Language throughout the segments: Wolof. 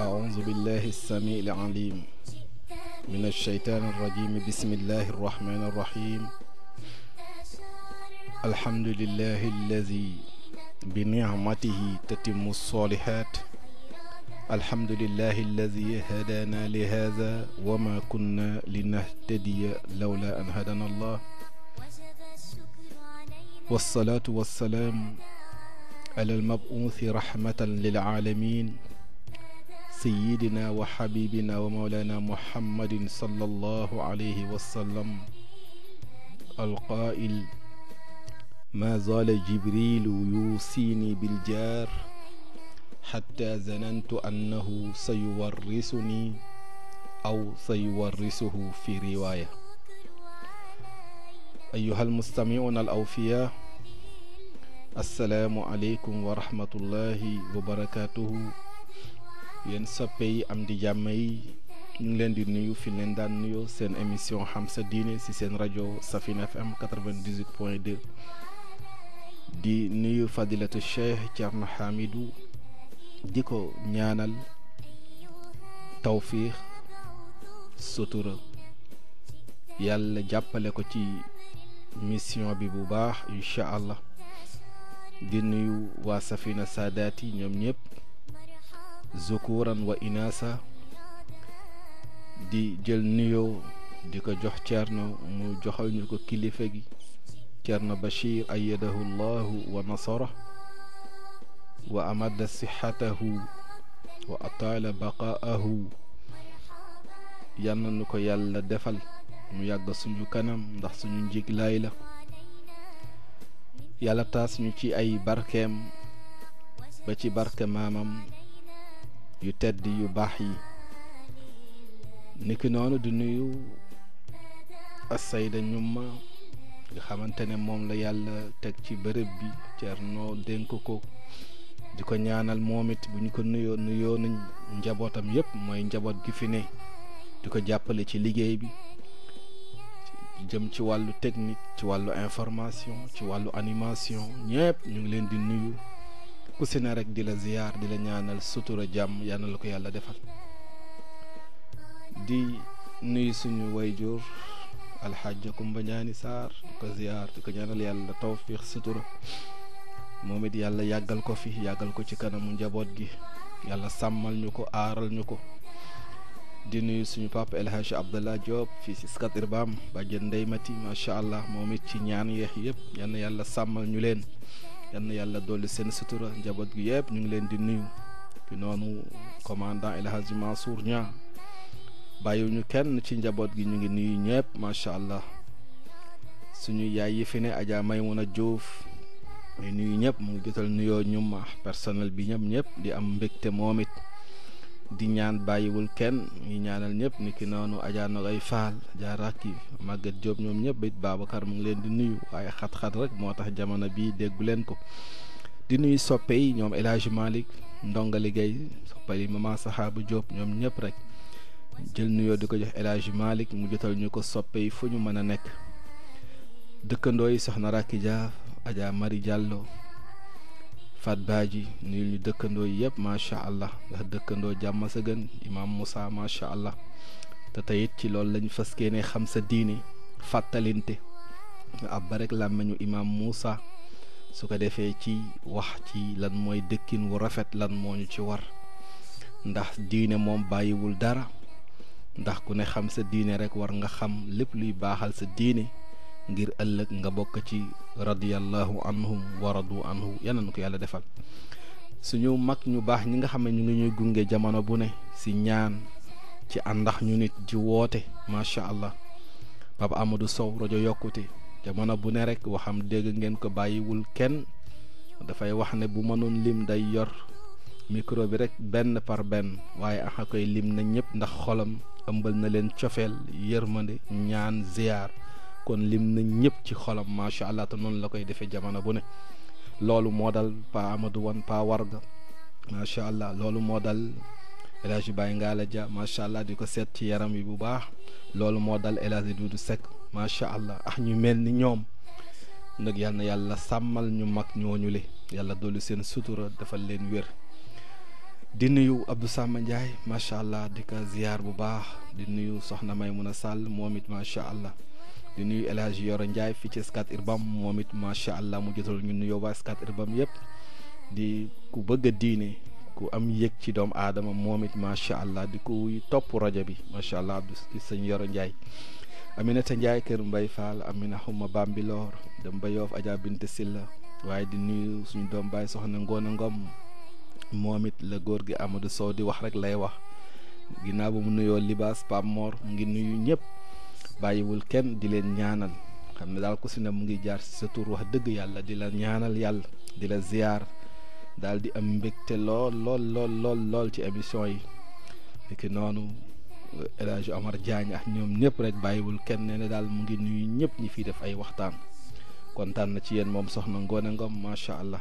أعوذ بالله السميع العليم من الشيطان الرجيم بسم الله الرحمن الرحيم الحمد لله الذي بنعمته تتم الصالحات الحمد لله الذي هدانا لهذا وما كنا لنهتدي لولا أن هدانا الله والصلاة والسلام على المبعوث رحمة للعالمين سيدنا وحبيبنا ومولانا محمد صلى الله عليه وسلم القائل ما زال جبريل يوصيني بالجار حتى ظننت أنه سيورثني أو سيورثه في رواية أيها المستمعون الأوفياء السلام عليكم ورحمة الله وبركاته yéen soppe yi am di jàmm yi ñu ngi leen di nuyu fi leen daan nuyoo seen émission xam sa diine ci seen rajo Safina FM 98 point 2 di nuyu fadilatu Cheikh Thierno Hamidou di ko ñaanal tawfiix sutura yàlla jàppale ko ci mission bi bu baax incha allah di nuyu waa Safina Saadaat yi ñoom ñëpp. zukuran wa inasa di jël nuyoo di ko jox Ceerno mu joxal ko kilifa gi Ceerno Bachir ayadahu llahu wa nasara wa amada sixatahu wa ataala baqaahu yal nu ko yàlla defal mu yàgg suñu kanam ndax suñu njiglaay la yàlla taas ñu ci ay barkeem ba ci barke maamam yu tedd yu baax yi niki noonu di nuyu Assayda ñumma nga xamante ne moom la yàlla teg ci bërëb bi noo dénk ko di ko ñaanal moom it bu ñu ko nuyoo nuyoo njabootam yépp mooy njaboot gi fi ne di ko jàppale ci liggéey bi jëm ci wàllu technique ci wàllu information ci wàllu animation ñépp ñu ngi leen di nuyu ku si ne rek di la ziyaar di la ñaanal sutura jàmm yal na ko yàlla defal di nuyu suñu wayjur alxaaja Kumba Ñaani Saar di ko ziyaar di ko ñaanal yàlla tawfiix sutura moom it yàlla yàggal ko fi yàggal ko ci kanamu njaboot gi yàlla sàmmal ñu ko aaral ñu ko di nuyu suñu papa El Hadj Abdallah Diop fii si Scat Urbam bàjjen Ndey Mati allah moom it ci ñaan yeex yëpp yàlla sàmmal ñu leen. yal yàlla dolli seen sutura njaboot gi yëpp ñu ngi leen di nuyu fi noonu commandant El Hadji Mansour Niang bàyyiwuñu kenn ci njaboot gi ñu ngi nuyu ñëpp macha allah suñu yaay yi fi ne Adja Maymuna Diouf ñu nuyu ñëpp mu ngi jotal nuyoo ñum ah, personnel bi ñëpp ñëpp di am mbégte moom it di ñaan bàyyiwul kenn ñu ñaanal ñëpp ni ki noonu Adja Nogay Faal Adja Rakki màgget Diop ñoom ñëpp mu ngi leen di nuyu waaye xat-xat rek moo tax jamono bii déggu leen ko di nuyu soppe yi ñoom El Hadj Malick Ndonga Liggéey soppe yi maman Sahaba Diop ñoom ñëpp rek jël nuyoo di ko jox El malik mu jotal ñu ko soppee yi fu ñu mën a nekk dëkkandoo yi soxna Rakki Dia Adja Mari Diallo. Fat baaji nuyu ñu dëkkandoo yëpp macha allah ndax dëkkandoo jàmm sa gën imam Moussa macha allah te teyit ci loolu lañ fas yéene xam sa diine fàttalinte nga àbba rek làmmiñu imam Moussa su ko defee ci wax ci lan mooy dëkkin wu rafet lan moo ñu ci war ndax diine moom bàyyiwul dara ndax ku ne xam sa diine rek war nga xam lépp luy baaxal sa diine. ngir ëllëg nga bokk ci radiyallahu anhum wa radu anhu yal na ko yàlla defal suñu mag ñu baax ñi nga xam ne ñu ngi ñuy gunge jamono bu ne si ñaan ci àndax ñu nit ji woote macha allah Papa Amadou Sow rajo yokkute jamono bu ne rek waxam dégg ngeen ko bàyyiwul kenn dafay wax ne bu mënoon lim day yor micro bi rek benn par benn waaye axa koy lim na ñëpp ndax xolam ëmbal na leen cofeel yërmande ñaan ziyaar kon lim nañ ñëpp ci xolam macha allah te noonu la koy defee jamono bu ne loolu moo dal pa Amadou Wan pa Warga macha allah loolu moo dal El Hadj ngaala Ngala Dia macha allah di ko seet ci yaram wi bu baax loolu moo dal El Hadj du Seck macha allah ah ñu mel ni ñoom nag yal yàlla sàmmal ñu mag ñooñule yàlla dolli seen sutura defal leen wér. di nuyu Abdou Samba Ndiaye macha allah di ko ziyaar bu baax di nuyu Soxna may Maymuna Sall moom it macha allah. di nuyu El Hadj Yoro Ndiaye fii ci Scat Urbam moom it macha allah mu jotal ñun nuyoo waa Scat Urbam yëpp di ku bëgg a diine ku am yëg ci doom aadama moom it macha allah di ku topp rajo bi macha allah Abdou sëñ Yoro Ndiaye. Aminata Ndiaye kër Mbay Fall Amina Xuma Bambilor dem ba Yoof Adja Binte Silla waaye di nuyu suñu doom baay soxna Ngoone Ngom moom it la góor gi Amadou Sow di wax rek lay wax ginnaaw ba mu nuyoo Libaas Pam Mor ngi nuyu ñëpp. bàyyiwul kenn di leen ñaanal xam ne daal ku si ne mu ngi jaar si sa tour wax dëgg yàlla di la ñaanal yàlla di la ziyaar daal di am mbégte lool lool lool lool lool ci émission yi niki noonu El Hadj Omar Diagne ak ñoom ñëpp rek bàyyiwul kenn ne daal mu ngi nuyu ñëpp ñi fiy def ay waxtaan kontaan na ci yéen moom soxna Ngoone ngoom macha allah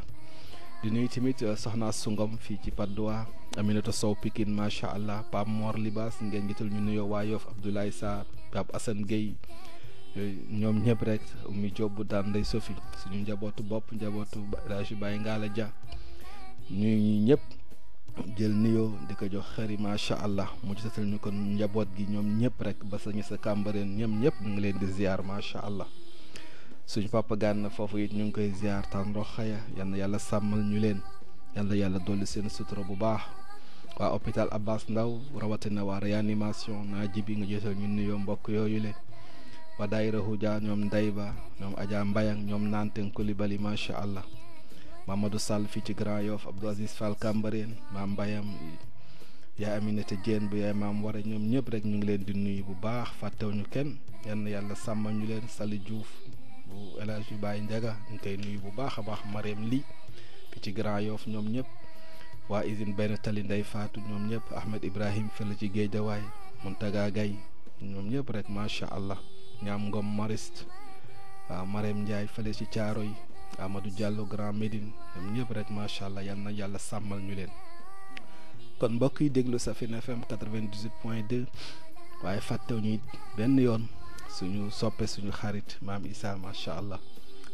di nuyu tamit euh, soxna su Ngom fii ci Patte d'Oie Aminata Sow Pikine macha allah Pape Mor Libaas ngeen gitul ñu nuyoo waa Yoff Abdoulaye Sarr Pape asan Gueye ñoom ñëpp rek Oumy Diop bu daan Ndeye Sophie suñu njabootu bopp njabootu rajo Baye Ngala Dia ñuy ñëpp jël nuyoo di ko jox xëri macha allah mu jotal ñu ko njaboot gi ñoom ñëpp rek ba sañu sa kàmbareen ñoom ñëpp mu ngi leen di ziar macha allah suñu papa gànn foofu it ñu ngi koy ziar tan roxaya yal yàlla sàmmal ñu leen yal yàlla dolli seen sutura bu baax. waa hôpital Abbas Ndao rawatina waa réanimation naa jibi nga jësal ñu nuyoo mbokk yooyu le waa daayira Houdia ñoom ba ñoom Adja Mbayang ñoom Nanteng Coulibaly macha allah Mamadou Sall fii ci Grand Yoff Abdou Aziz Fall Cambérène maam Mbayam yaa Aminata Diène bu yaay maam wara ñoom ñëpp rek ñu ngi leen di nuyu bu baax fàttewu ñu kenn yenn yàlla sàmma ñu leen Sali Diouf bu El Hadj Baye ñu ngi koy nuyu bu baax a baax Marème Ly fii ci ñoom ñëpp. waa usine benn tali nday faatu ñoom ñëpp Ahmed Ibrahim fële ci géej dawaay Muntaga Gay ñoom ñëpp rek macha allah ñaam ngom mariste waa Marème Ndiaye fële ci caaro yi Amadou Diallo Grand Médine ñoom ñëpp rek macha allah yal na yàlla sàmmal ñu leen kon mbokk yi déglu Safina FM 98.2 waaye fàttew ñu it benn yoon suñu soppe suñu xarit maam Issa macha allah.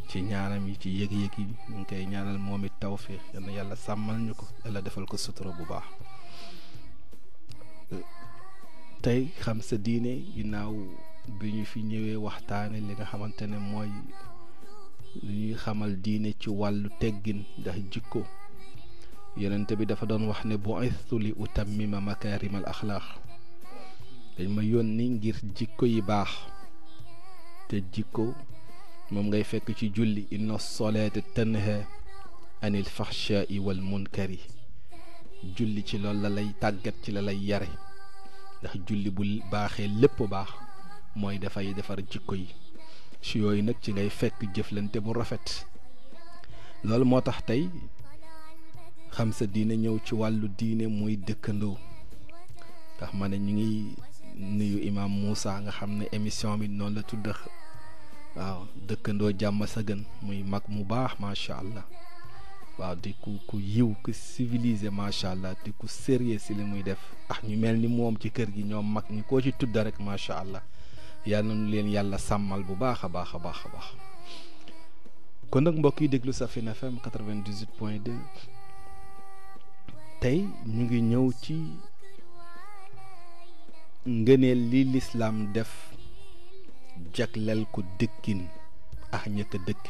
ci ñaaram yi ci yëg-yëg yi ñu ngi koy ñaanal moom it tawfiix yal yàlla sàmmal ñu ko la defal ko sutura bu baax tey xam sa diine ginnaaw bi ñu fi ñëwee waxtaane li nga xamante ne mooy li ñuy xamal diine ci wàllu teggin ndax jikko yonent bi dafa doon wax ne bu'ithtu li utammima makaarimal axlaax dañ ma yónni ngir jikko yi baax te jikko mom ngay fekk ci julli inna salata tanha anil fahsha'i wal munkari julli ci lol la lay tagat ci la lay yare ndax julli bu baxé lépp bax moy da fay defar jikko yi ci yoy nak ci ngay fekk jëflante bu rafet lol motax tay xamsa diine ñëw ci walu diine moy dëkkandoo tax mané ne ñu ngi nuyu imam Moussa nga xamné émission bi non la tudde waaw dëkkandoo jàmm sa gën muy mag mu baax macha allah waaw di ku ku yiw ku civilisé macha allah di ku sérieux li muy def ah ñu mel ni moom ci kër gi ñoom mag ñi ko ci tudd rek macha allah yal nañu leen yàlla sàmmal bu baax a baax a baax baax kon nag mbokk yi déglu Safina FM 98 point 2 tey ñu ngi ñëw ci ngëneel li lislaam def jagleel ko dëkkin ak ñett dëkk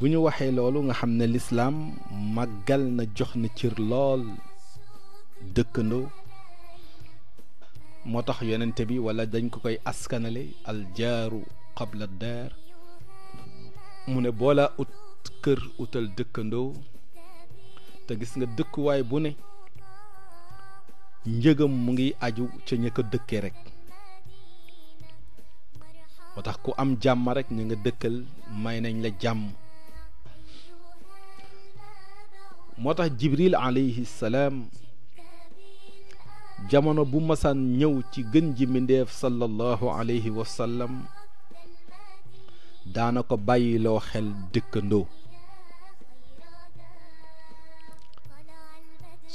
bu ñu waxee loolu nga xam ne lislaam màggal na jox na cër lool dëkkandoo moo tax yonente bi wala dañ ko koy askanale al jaaru xabla daar mu ne boolaa ut kër utal dëkkandoo te gis nga dëkkuwaay bu ne njëgam mu ngi aju ca ña ko dëkkee rek moo tax ku am jàmm rek ña nga dëkkal may nañ la jàmm moo tax jibril alayhi salaam jamono bu masaan ñëw ci gën ji mbindéef sallallahu alayhi wa daana ko bàyyiloo xel dëkkandoo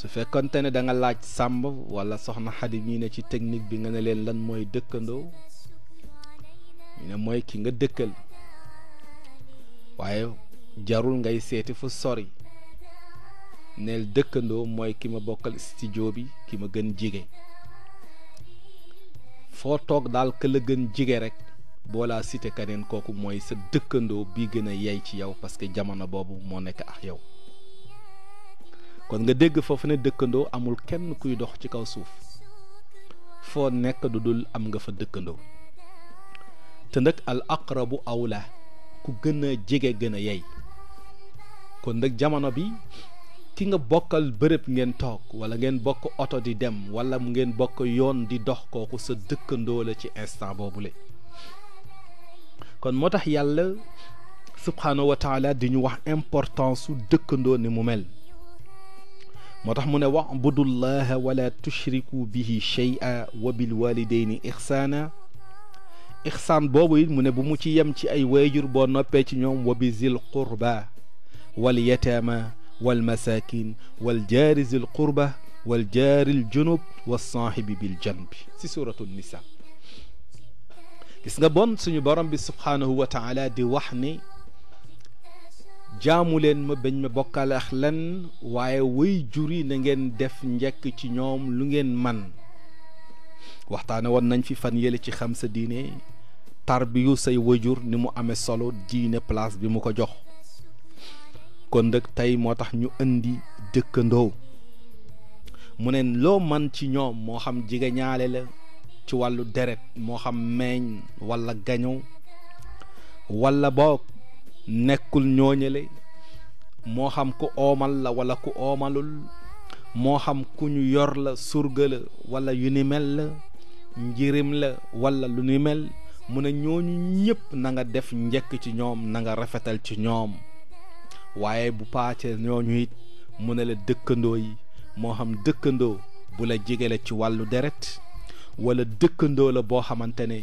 su fekkante ne da nga laaj sàmb wala soxna xadi ñi ne ci technique bi nga ne leen lan mooy dëkkandoo ñu ne mooy ki nga dëkkal waaye jarul ngay seeti fu sori neel dëkkandoo mooy ki ma bokkal studio bi ki ma gën jige foo toog daal ka a gën jige rek boolaa laa cité kooku mooy sa dëkkandoo bi gën a yey ci yow parce que jamono boobu moo nekk ak yow kon nga dégg foofu ne dëkkandoo amul kenn kuy dox ci kaw suuf foo nekk du dul am nga fa dëkkandoo te nag al aqrabu awla ku gën a jege gën a yey kon nag jamono bi ki nga bokkal bërëb ngeen toog wala ngeen bokk oto di dem wala mu ngeen bokk yoon di dox kooku sa dëkkandoo la ci instant boobule kon moo tax yàlla subhaanahu wa taala di ñu wax importance su dëkkandoo ni mu mel moo tax mu ne wabudullaha wala tushriku bihi shay'a wa bil walidayni ixsaana ixsaan boobu it mu ne bu mu ci yem ci ay waajur boo noppee ci ñoom wa bi zil qurba wal yataama wal masaakin wal jaari zil qurba wal jaaril junub wa saahibi bil janbi si suuratu nisa gis nga bon suñu borom bi subhaanahu wa taala di wax ni jaamu leen ma bañ ma bokkaale ak lan waaye way juri na ngeen def njekk ci ñoom lu ngeen man waxtaane woon nañ fi fan yële ci xam sa diine tarbiyu say wajur ni mu amee solo diine place bi mu ko jox kon nag tey moo tax ñu indi dëkkandoo mu ne loo man ci ñoom moo xam jegeñaale la ci wàllu deret moo xam meeñ walla gaño walla boog nekkul ñooñale moo xam ku oomal la wala ku oomalul moo xam ku ñu yor la surga la wala yu ni mel la njirim la walla lu ni mel mu ne ñooñu ñëpp nanga def njëkk ci ñoom nanga rafetal ci ñoom waaye bu paacee ñooñu it mu ne la dëkkandoo yi moo xam dëkkandoo bu la jege ci wàllu deret wala dëkkandoo la boo xamante ne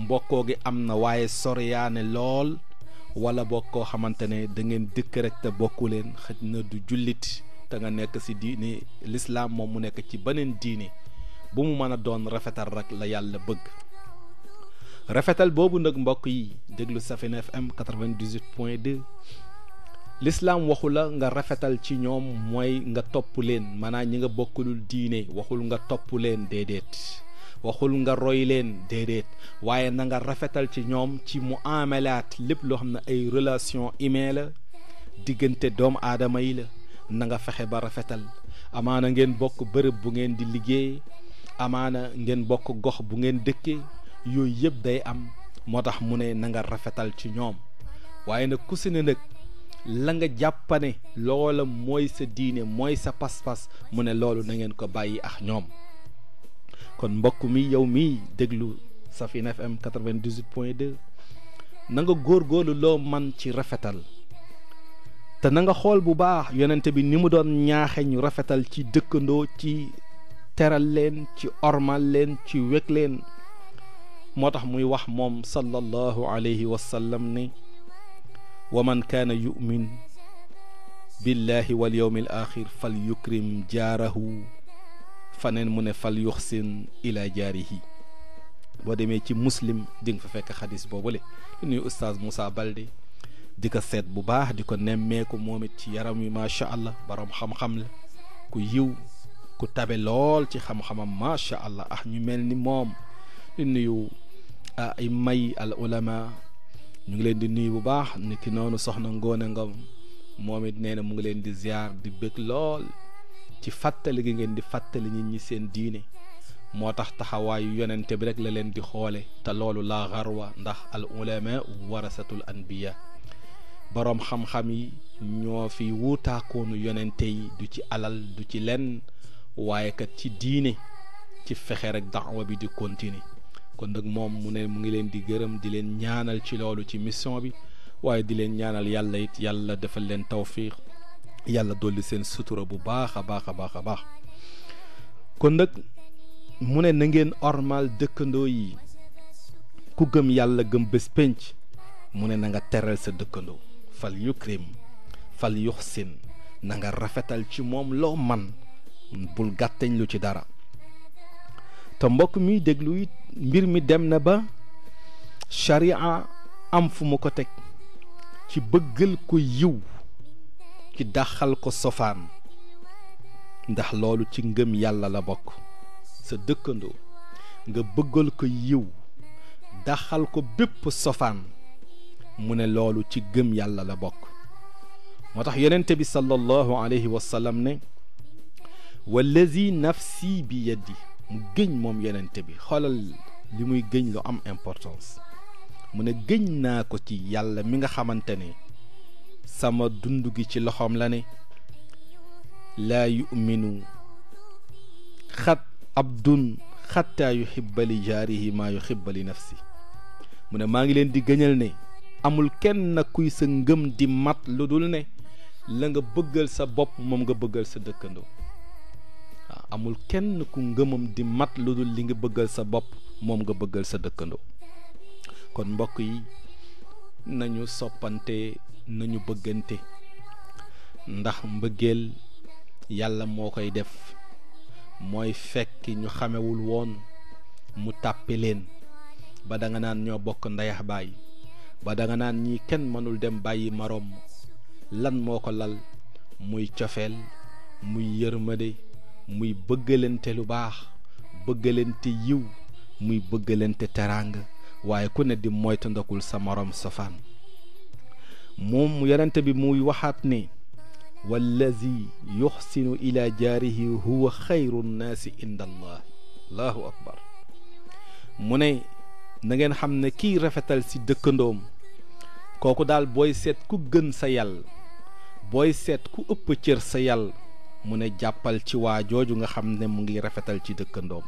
mbokkoo gi am na waaye soriyaane lool wala bokk koo xamante ne da ngeen dëkk rek te bokku leen xëj na du jullit te nga nekk si diini lislaam moom mu nekk ci beneen diini bu mu mën a doon rafetal rek la yàlla bëgg rafetal boobu nag mbokk yi déglu Safin FM 98 point 2 lislaam waxu la nga rafetal ci ñoom mooy nga topp leen maanaam ñi nga bokkulul diine waxul nga topp leen déedéet waxul nga roy leen déedéet waaye na nga rafetal ci ñoom ci mu amelaat lépp loo xam ne ay relation humaine la diggante doomu aadama yi la na nga fexe ba rafetal amaana ngeen bokk bërëb bu ngeen di liggéey amaana ngeen bokk gox bu ngeen dëkkee yooyu yëpp day am moo tax mu ne na nga rafetal ci ñoom waaye nag ku si nag la nga jàppane loola mooy sa diine mooy sa pas-pas mu ne loolu na ngeen ko bàyyi ak ñoom kon mbokk mi yow mi déglu Safina FM 98.2 point 2 na nga góorgóorlu loo man ci rafetal te na nga xool bu baax yonente bi ni mu doon ñaaxe ñu rafetal ci dëkkandoo ci teral leen ci ormal leen ci wég leen moo tax muy wax moom sallallahu alayhi wa sallam ne wa man kaana yu'min billahi wal yawmi al axir fal yukrim jaarahu faneen mu ne fal yuxsin ila jaarihi boo demee ci muslim di nga fa fekk xadis boobule di nuyu oustaz Moussa Balde di ko seet bu baax di ko nemmeeku moom it ci yaram wi macha allah borom xam-xam la ku yiw ku tabe lool ci xam-xamam macha allah ah ñu mel ni moom di nuyu ay may al ulama ñu ngi leen di nuyu bu baax niki noonu soxna Ngone Ngom moom it nee na mu ngi leen di ziar di bëgg lool. ci fàttali gi ngeen di fàttali nit ñi seen diine moo tax taxawaayu yonente bi rek la leen di xoole te loolu laa xarwa ndax al ulama warasatul anbiya borom xam-xam yi ñoo fi wuutaakoonu yonente yi du ci alal du ci lenn waaye kat ci diine ci fexe rek dawa bi di continue kon nag moom mu ne mu ngi leen di gërëm di leen ñaanal ci loolu ci mission bi waaye di leen ñaanal yàlla it yàlla defal leen tawfiq yàlla dolli seen sutura bu baax a baax a baax a baax kon nag mu ne na ngeen ormal dëkkandoo yi ku gëm yàlla gëm bés pénc mu ne na nga teral sa dëkkandoo fal yukrim fal yuxsin na nga rafetal ci moom loo man bul gàtteñ ci dara te mbokk mi déglu it mbir mi dem na ba charia am fu mu ko teg ci bëggal ko yiw ci daxal ko sofaan ndax loolu ci ngëm yàlla la bokk sa dëkkandoo nga bëggal ko yiw daxal ko bépp sofaan mu ne loolu ci gëm yàlla la bokk moo tax yonente bi sallallahu alayhi wa sallam ne wallazi nafsi bi yeddi mu gëñ moom yonente bi xoolal li muy gëñ lu am importance mu ne gëñ naa ko ci yàlla mi nga xamante ne sama dund gi ci loxoom la ne la yuminu xat ab dun yuhibba li jaarihi maa yuhibba nafsi mu ne maa ngi leen di gëñal ne amul kenn kuy sa ngëm di mat lu dul ne la nga bëggal sa moom nga bëggal sa dëkkandoo amul kenn ku ngëmam di mat li nga bëggal sa bopp moom nga bëggal sa dëkkandoo kon mbokk yi nañu soppante nañu bëggante ndax mbëggeel yàlla moo koy def mooy fekk ñu xamewul woon mu tàppe leen ba danga naan ñoo bokk ndeyax baay ba danga naan ñii kenn mënul dem bàyyi moroom lan moo ko lal muy cofeel muy yërmande muy bëggalante lu baax bëggalante yiw muy bëggalante teraang waaye ku ne di moytandakul sa moroom safaan موم يرنت بموي وحاتني والذي يحسن إلى جاره هو خير الناس عند الله الله أكبر موني نغن حمنا كي رفتل سي دكندوم كوكو دال بوي سيت كو گن سيال بوي سيت كو اپ تير سيال موني جابل تي واجو جوغا خمنا موغي رفتل سي دكندوم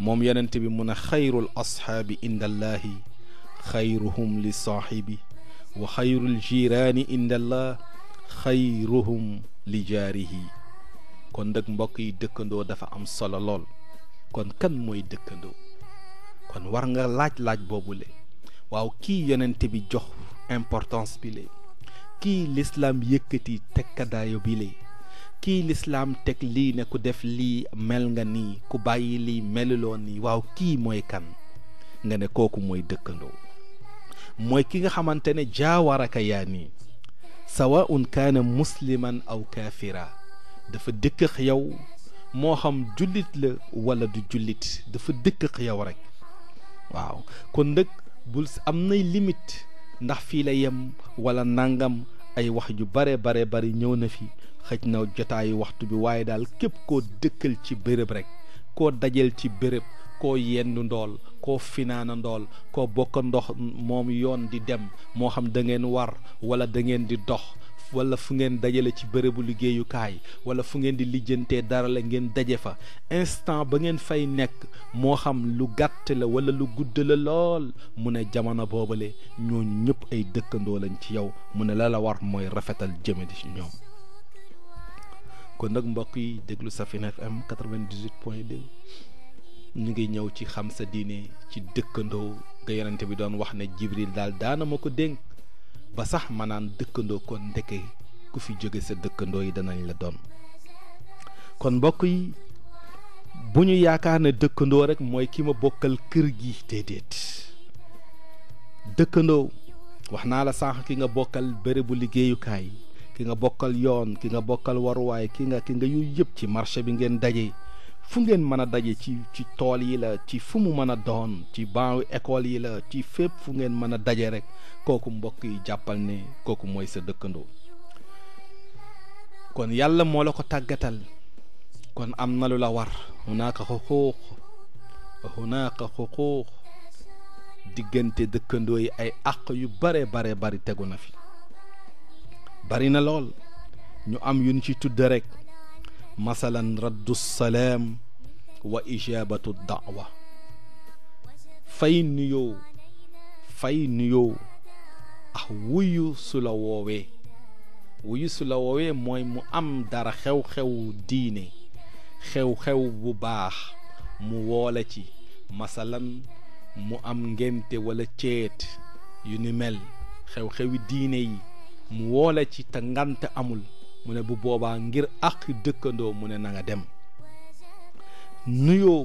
موم يرنت بي خير الأصحاب عند الله خيرهم لصاحبي وخير الجيران عند الله خيرهم لجاره كون دك مباكي دكندو دفع أم صلى الله كون كن موي دكندو كون ورنغا لاج لاج بوبولي واو كي يننتي بي جوخ امبورتانس بيلي كي الإسلام يكتي تكا دايو بيلي كي الإسلام تك لي نكو دف لي ملغني كو باي لي ملولوني واو كي موي كان نغني كوكو موي دكندو mooy ki nga xamante ne jaawaraka yaa nii sawaun kaanam musliman aw kaafira dafa dëkk ak moo xam jullit la wala du jullit dafa dëkk ak yow rek waaw kon nag bul am nay limite ndax fii la yem wala nangam ay wax ju bare bare bari ñëw na fi xëj na jotaayu waxtu bi waaye daal képp koo dëkkal ci bërëb rekk koo dajal ci bërëb koo yendu ndool koo finaana ndool koo bokk ndox moom yoon di dem moo xam dangeen war wala da ngeen di dox wala fu ngeen dajale ci bërëbu liggéeyukaay wala fu ngeen di lijjantee dara la ngeen daje fa instant ba ngeen fay nekk moo xam lu gàtt la wala lu gudd la lool mu ne jamono boobale ñu ñëpp ay dëkkandoo lañ ci yow mu ne la la war mooy rafetal jëme di ci ñoom. mbokk yi déglu Safina FM 98 ñu ngi ñëw ci xam sa diine ci dëkkandoo nga yonente bi doon wax na jibril daal daanama ko dénk ba sax ma naan dëkkandoo kon ndeke ku fi jóge sa dëkkandoo yi danañ la doon kon mbokk yi bu ñu yaakaar ne dëkkandoo rek mooy ki ma bokkal kër gi déedéet dëkkandoo wax naa la sànq ki nga bokkal bérébu liggéeyukaay ki nga bokkal yoon ki nga bokkal waruwaay ki nga ki nga yooyu ci marché bi ngeen daje fu ngeen mën a daje ci ci tool yi la ci fu mu mën a doon ci baaw école yi la ci fépp fu ngeen mën a daje rek kooku mbokk yi jàppal ne kooku mooy sa dëkkandoo kon yàlla moo la ko tàggatal kon am na lu la war hunaaka xuquuq hunaaka xuquuq diggante dëkkandoo yi ay àq yu bare bare bari tegu na fi bari na lool ñu am yuñ ci tudd rek masalan raddu salaam wa ijaabatu daawa fay nuyoo fay nuyoo ah wuyu su la woowee wuyu su la woowee mooy mu am dara xew-xew diine xew-xew bu baax mu woole ci masalan mu am ngente walla ceet yu ni mel xew-xewi diine yi mu woole ci te ngante amul mu ne bu boobaa ngir ak dëkkandoo mu ne nanga dem nuyoo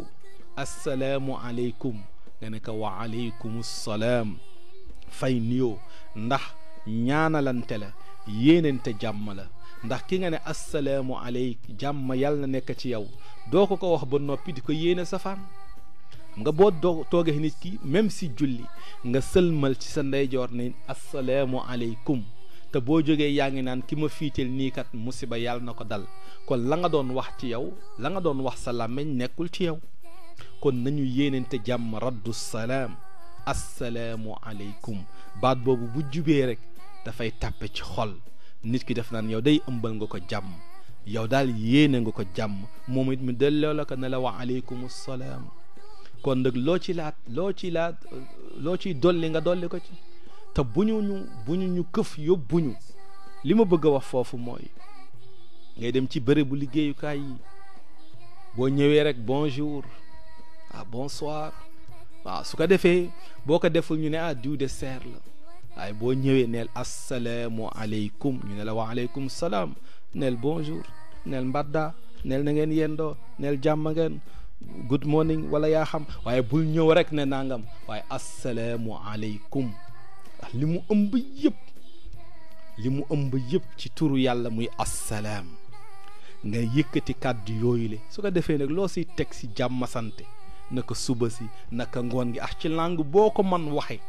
assalaamu aleykum nga ne ko wa aleykum salaam fay nuyoo ndax ñaanalante la yéenente jàmm la ndax ki nga ne assalaamu aleyk jàmm yal na nekk ci yow doo ko ko wax ba noppi di ko yéene safaan nga boo doo toogee nit ki même si julli nga sëlmal ci sa ndeyjoor ne assalaamu aleykum te boo jógee yaa ngi naan ki ma fiital nii kat musiba yàlla na ko dal kon la nga doon wax ci yow la nga doon wax sa làmmiñ nekkul ci yow kon nañu yéenante jàmm raddu salaam assalaamu aleykum baat boobu bu jubee rek dafay tàppe ci xol nit ki def naan yow day ëmbal nga ko jàmm yow daal yéene nga ko jàmm moom it mu delloo la ko ne la wa aleykum salaam kon nag loo ci laat loo ci laat loo ciy dolli nga dolli ko ci te bu ñu ñu bu ñu ñu këf yóbbuñu li ma bëgg a wax foofu mooy ngay dem ci bërëbu liggéeyukaay yi boo ñëwee rek bonjour ah bonsoir waaw su ko defee boo ko deful ñu ne ah diw de serre la waaye boo ñëwee neel assalaamu aleykum ñu ne la wa aleykum salaam neel bonjour neel mbadda neel na ngeen yendoo neel jàmm ngeen good morning wala yaa xam waaye bul ñëw rek ne nangam waaye assalaamu aleykum ndax li mu ëmb yépp li mu ëmb yëpp ci turu yàlla muy assalaam nga yëkkati kàddu yooyule le su ko defee nag loo si teg si jàmm sante naka suba si naka ngoon gi ax ci langue boo ko man waxe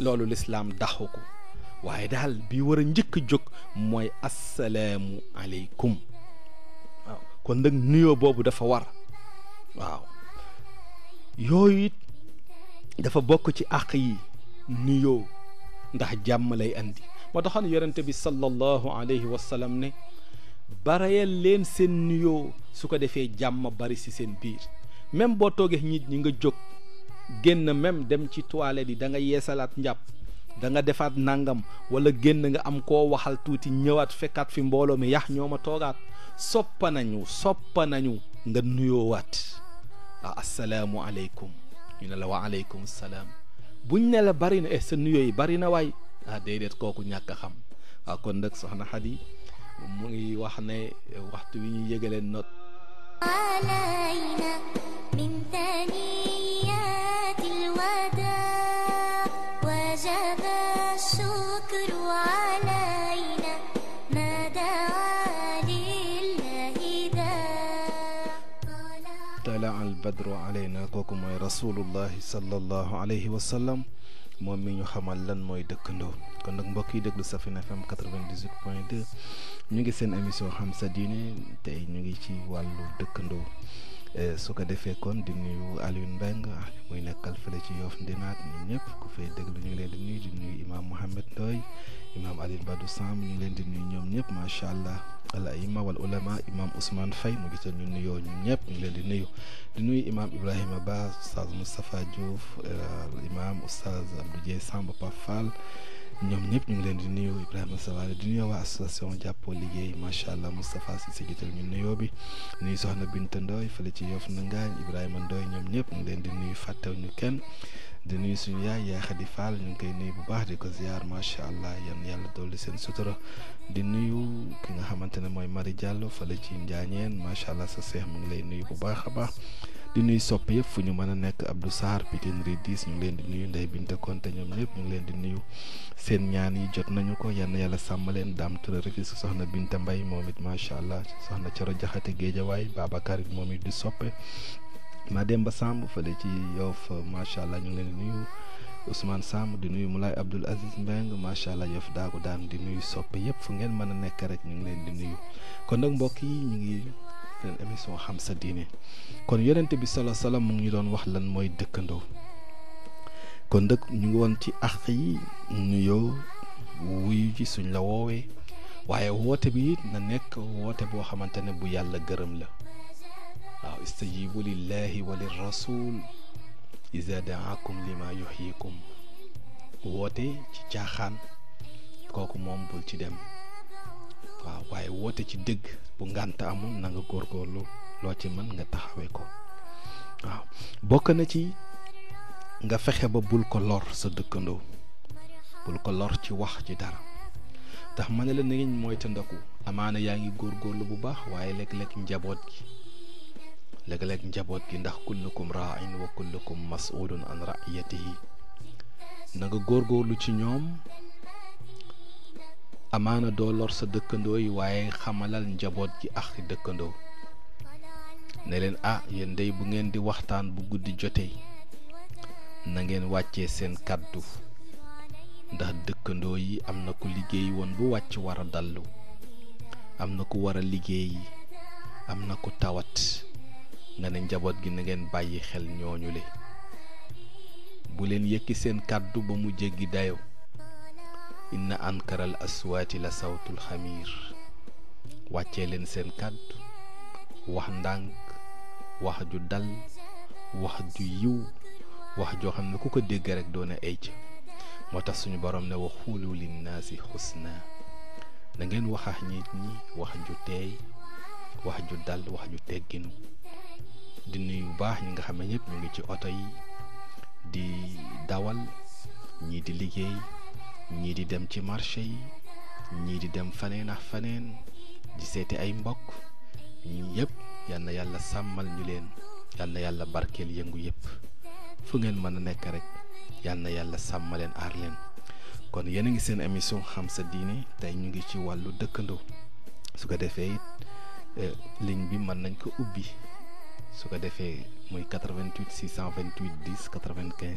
loolu lislaam daxu ko waaye daal bi war a njëkk a jóg mooy assalaamu aleykum waaw kon nag nuyoo boobu dafa war waaw yooyu it dafa bokk ci àq yi nuyoo ndax jàmm lay andi moo taxoon yonente bi sallallahu alayhi wa sallam ne barayal leen seen nuyoo su ko defee jàmm bari ci seen biir même boo toogee nit ñi nga jóg génn même dem ci toilette yi danga nga yeesalaat njàpp danga defaat nangam wala génn nga am koo waxal tuuti ñëwaat fekkaat fi mbooloo mi yax ñoo ma toogaat soppa nañu soppa nañu nga nuyoowaat ah asalaamu aleykum ñu ne la wa aleykum salaam buñ ne la bari na e sa nuyo yi bari na waay ah déedéet kooku ñàkk xam waaw kon nag soxna Xadi mu ngi wax ne waxtu wi ñu yëgale not الشكر على البدر علينا كوكو رسول الله صلى الله عليه وسلم موم ني خمال لان موي دكندو كون نك مبوكي دغلو سفين اف ام 98.2 نيغي سين اميسيون خمسه ديني تاي نيغي سي والو دكندو Eh, su ko defee kon di nuyu Alioune Mbengue ah, muy nekkal fële ci Yoff Ndinaat ñun ñëpp ku fay déglu ñu ngi leen di nuyu di nuyu imaam Mohamed Ndoye imaam Alioune Badou Samb ñu ngi leen di ñoom ñëpp macha allah al aima wal ulama imaam Ousmane Faye mu gisal ñu nuyoo ñun ñëpp ñu ngi leen di nuyu di nuyu imaam Ibrahima Ba oustaz Moustapha Diouf eh, imaam oustaz Abdou Dieye Samb Pape ñoom ñëpp ñu ngi leen di nuyu Ibrahima Sawale di nuyu waa association jàppoo liggéey macha allah Moustapha Cissé jiital ñu nuyoo bi nuyu soxna Binta Ndoy fële ci Yof Nangaañ Ibrahima Ndoy ñoom ñëpp ñu leen di nuyu fàttew ñu kenn di nuyu suñu yaay yaay Xadi Faal ñu ngi koy nuyu bu baax di ko ziar macha allah yan yàlla dolli seen sutura di nuyu ki nga xamante ne mooy Mari Diallo fale ci Njaañeen macha allah sa seex mu ngi lay nuyu bu baax a baax. di nuy sopp yëpp fu ñu mën a nekk Abdou Sarr Pikine Rue 10 ñu ngi leen di nuyu Ndeye Binta Konte ñoom ñëpp ñu leen di nuyu seen ñaan yi jot nañu ko yal na yàlla sàmm leen daam tura refi si soxna Binta Mbaye moom it macha allah soxna Coro Jaxate Géejawaay Babacar it moom it di soppe ba Samb fële ci Yoff macha allah ñu ngi leen di nuyu Ousmane Samb di nuyu Moulay Abdoul Aziz Mbeng macha allah Yoff daagu daan di nuyu soppe yëpp fu ngeen mën a nekk rek ñu ngi leen di nuyu émission xam sa kon yonent bi solo salaam mu ngi doon wax lan mooy dëkkandoo kon dëkk ñu ngi woon ci àq yi nuyoo wuyu ci suñ la woowee waaye woote bi na nekk woote boo xamante ne bu yàlla gërëm la waaw istajibu lillahi wa lirrasul iza daakum lima yuhyikum woote ci caaxaan kooku moom bul ci dem waaw waaye woote ci dëgg bu ngànt amul na nga góorgóorlu loo ci mën nga taxawee ko waaw bokk na ci nga fexe ba bul ko lor sa dëkkandoo bul ko lor ci wax ci dara tax ma ne la ni ngeen mooy te ndoku amaana yaa ngi góor góorlu bu baax waaye léeg-léeg njaboot gi léeg-léeg njaboot gi ndax kullukum raain wa kullukum masulun an raiyatihi na nga góorgóorlu ci ñoom amaana doo lor sa dëkkandoo yi waaye xamalal njaboot ji ak dëkkandoo ne leen ah yéen day bu ngeen di waxtaan bu guddi jotee na ngeen wàccee seen kàddu ndax dëkkandoo yi am na ku liggéey woon bu wàcc war a dallu am na ku war a liggéey am na ku tawat nga ne njaboot gi na ngeen bàyyi xel ñooñu le bu leen yëkki seen kàddu ba mu jéggi dayo inna ankaral aswaati la sawtul xamiir wàccee leen seen kàddu wax ndànk wax ju dal wax ju yiw wax joo xam ne ku ko dégg rek doona ay ca moo tax suñu borom ne waxulu linnaasi xusna da ngeen waxax nit ñi wax ju teey wax ju dal wax ju tegginu di nuyu baax ñi nga xam ne ñëpp ñu ngi ci oto yi di dawal ñii di liggéey ñii di dem ci marché yi ñii di dem faneen ak faneen di seeti ay mbokk ñi yëpp yal na yàlla sàmmal ñu leen yal yàlla barkeel yëngu yëpp fu ngeen mën a nekk rek yal na yàlla sàmmaleen aar leen kon yéen a ngi seen émission xam sa diine tey ñu ngi ci wàllu dëkkandoo su ko defee it eh, ligne bi mën nañ ko ubbi su ko defee muy 88 628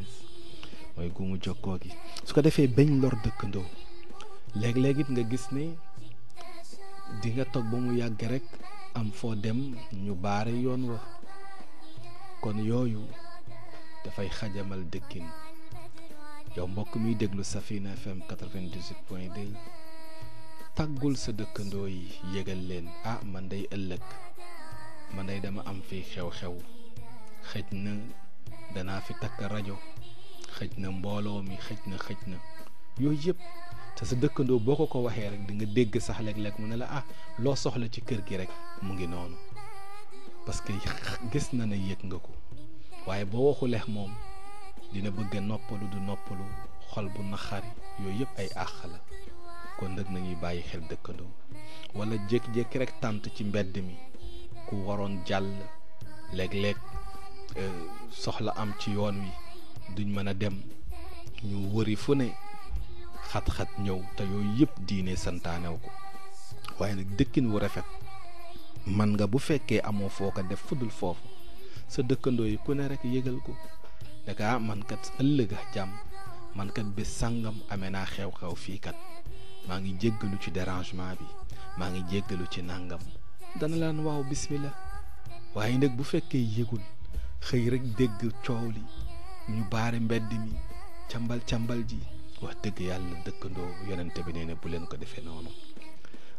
mooy guumu jokkoo gi su ko defee bañ lor dëkkandoo léeg-léeg it nga gis ni di nga toog ba mu yàgg rek am foo dem ñu baare yoon wa kon yooyu dafay xajamal dëkkin yow mbokk miy déglu Safina FM 98 point 2 tàggul sa dëkkandoo yi yëgal leen a ah, man day ëllëg man day dama am fii xew-xew xëj na danaa fi takk rajo xëj na mbooloo mi xëj na xëj na yooyu yëpp te sa dëkkandoo boo ko ko waxee rek dinga dégg sax léeg lekk mu ne la ah loo soxla ci kër gi rek mu ngi noonu parce que gis na ne yëg nga ko waaye boo waxuleex moom dina bëgg noppalu du noppalu xol bu naxari yooyu yëpp ay àq la kon nag nañuy bàyyi xel dëkkandoo wala jékki-jékki rek tànt ci mbedd mi ku waroon jàll léeg-léeg euh, soxla am ci yoon wi duñ mën a dem ñu wëri fu ne xat-xat ñëw te yooyu yëpp diine santaanew ko waaye nag dëkkin wu rafet man nga bu fekkee amoo foo ko def fudul foofu sa dëkkandoo yi ku ne rek yëgal ko ne mankat ah man kat ëllëg jàmm man bés sàngam amee naa xew-xew fii kat maa ngi jéggalu ci derangement bi maa ngi jéggalu ci nàngam dana laan waaw bismillah waaye nag bu fekkee yëgul xëy rek dégg coow li ñu baare mbedd mi càmbal càmbal ji wax dëgg yàlla dëkkandoo yonente bi nee na leen ko defee noonu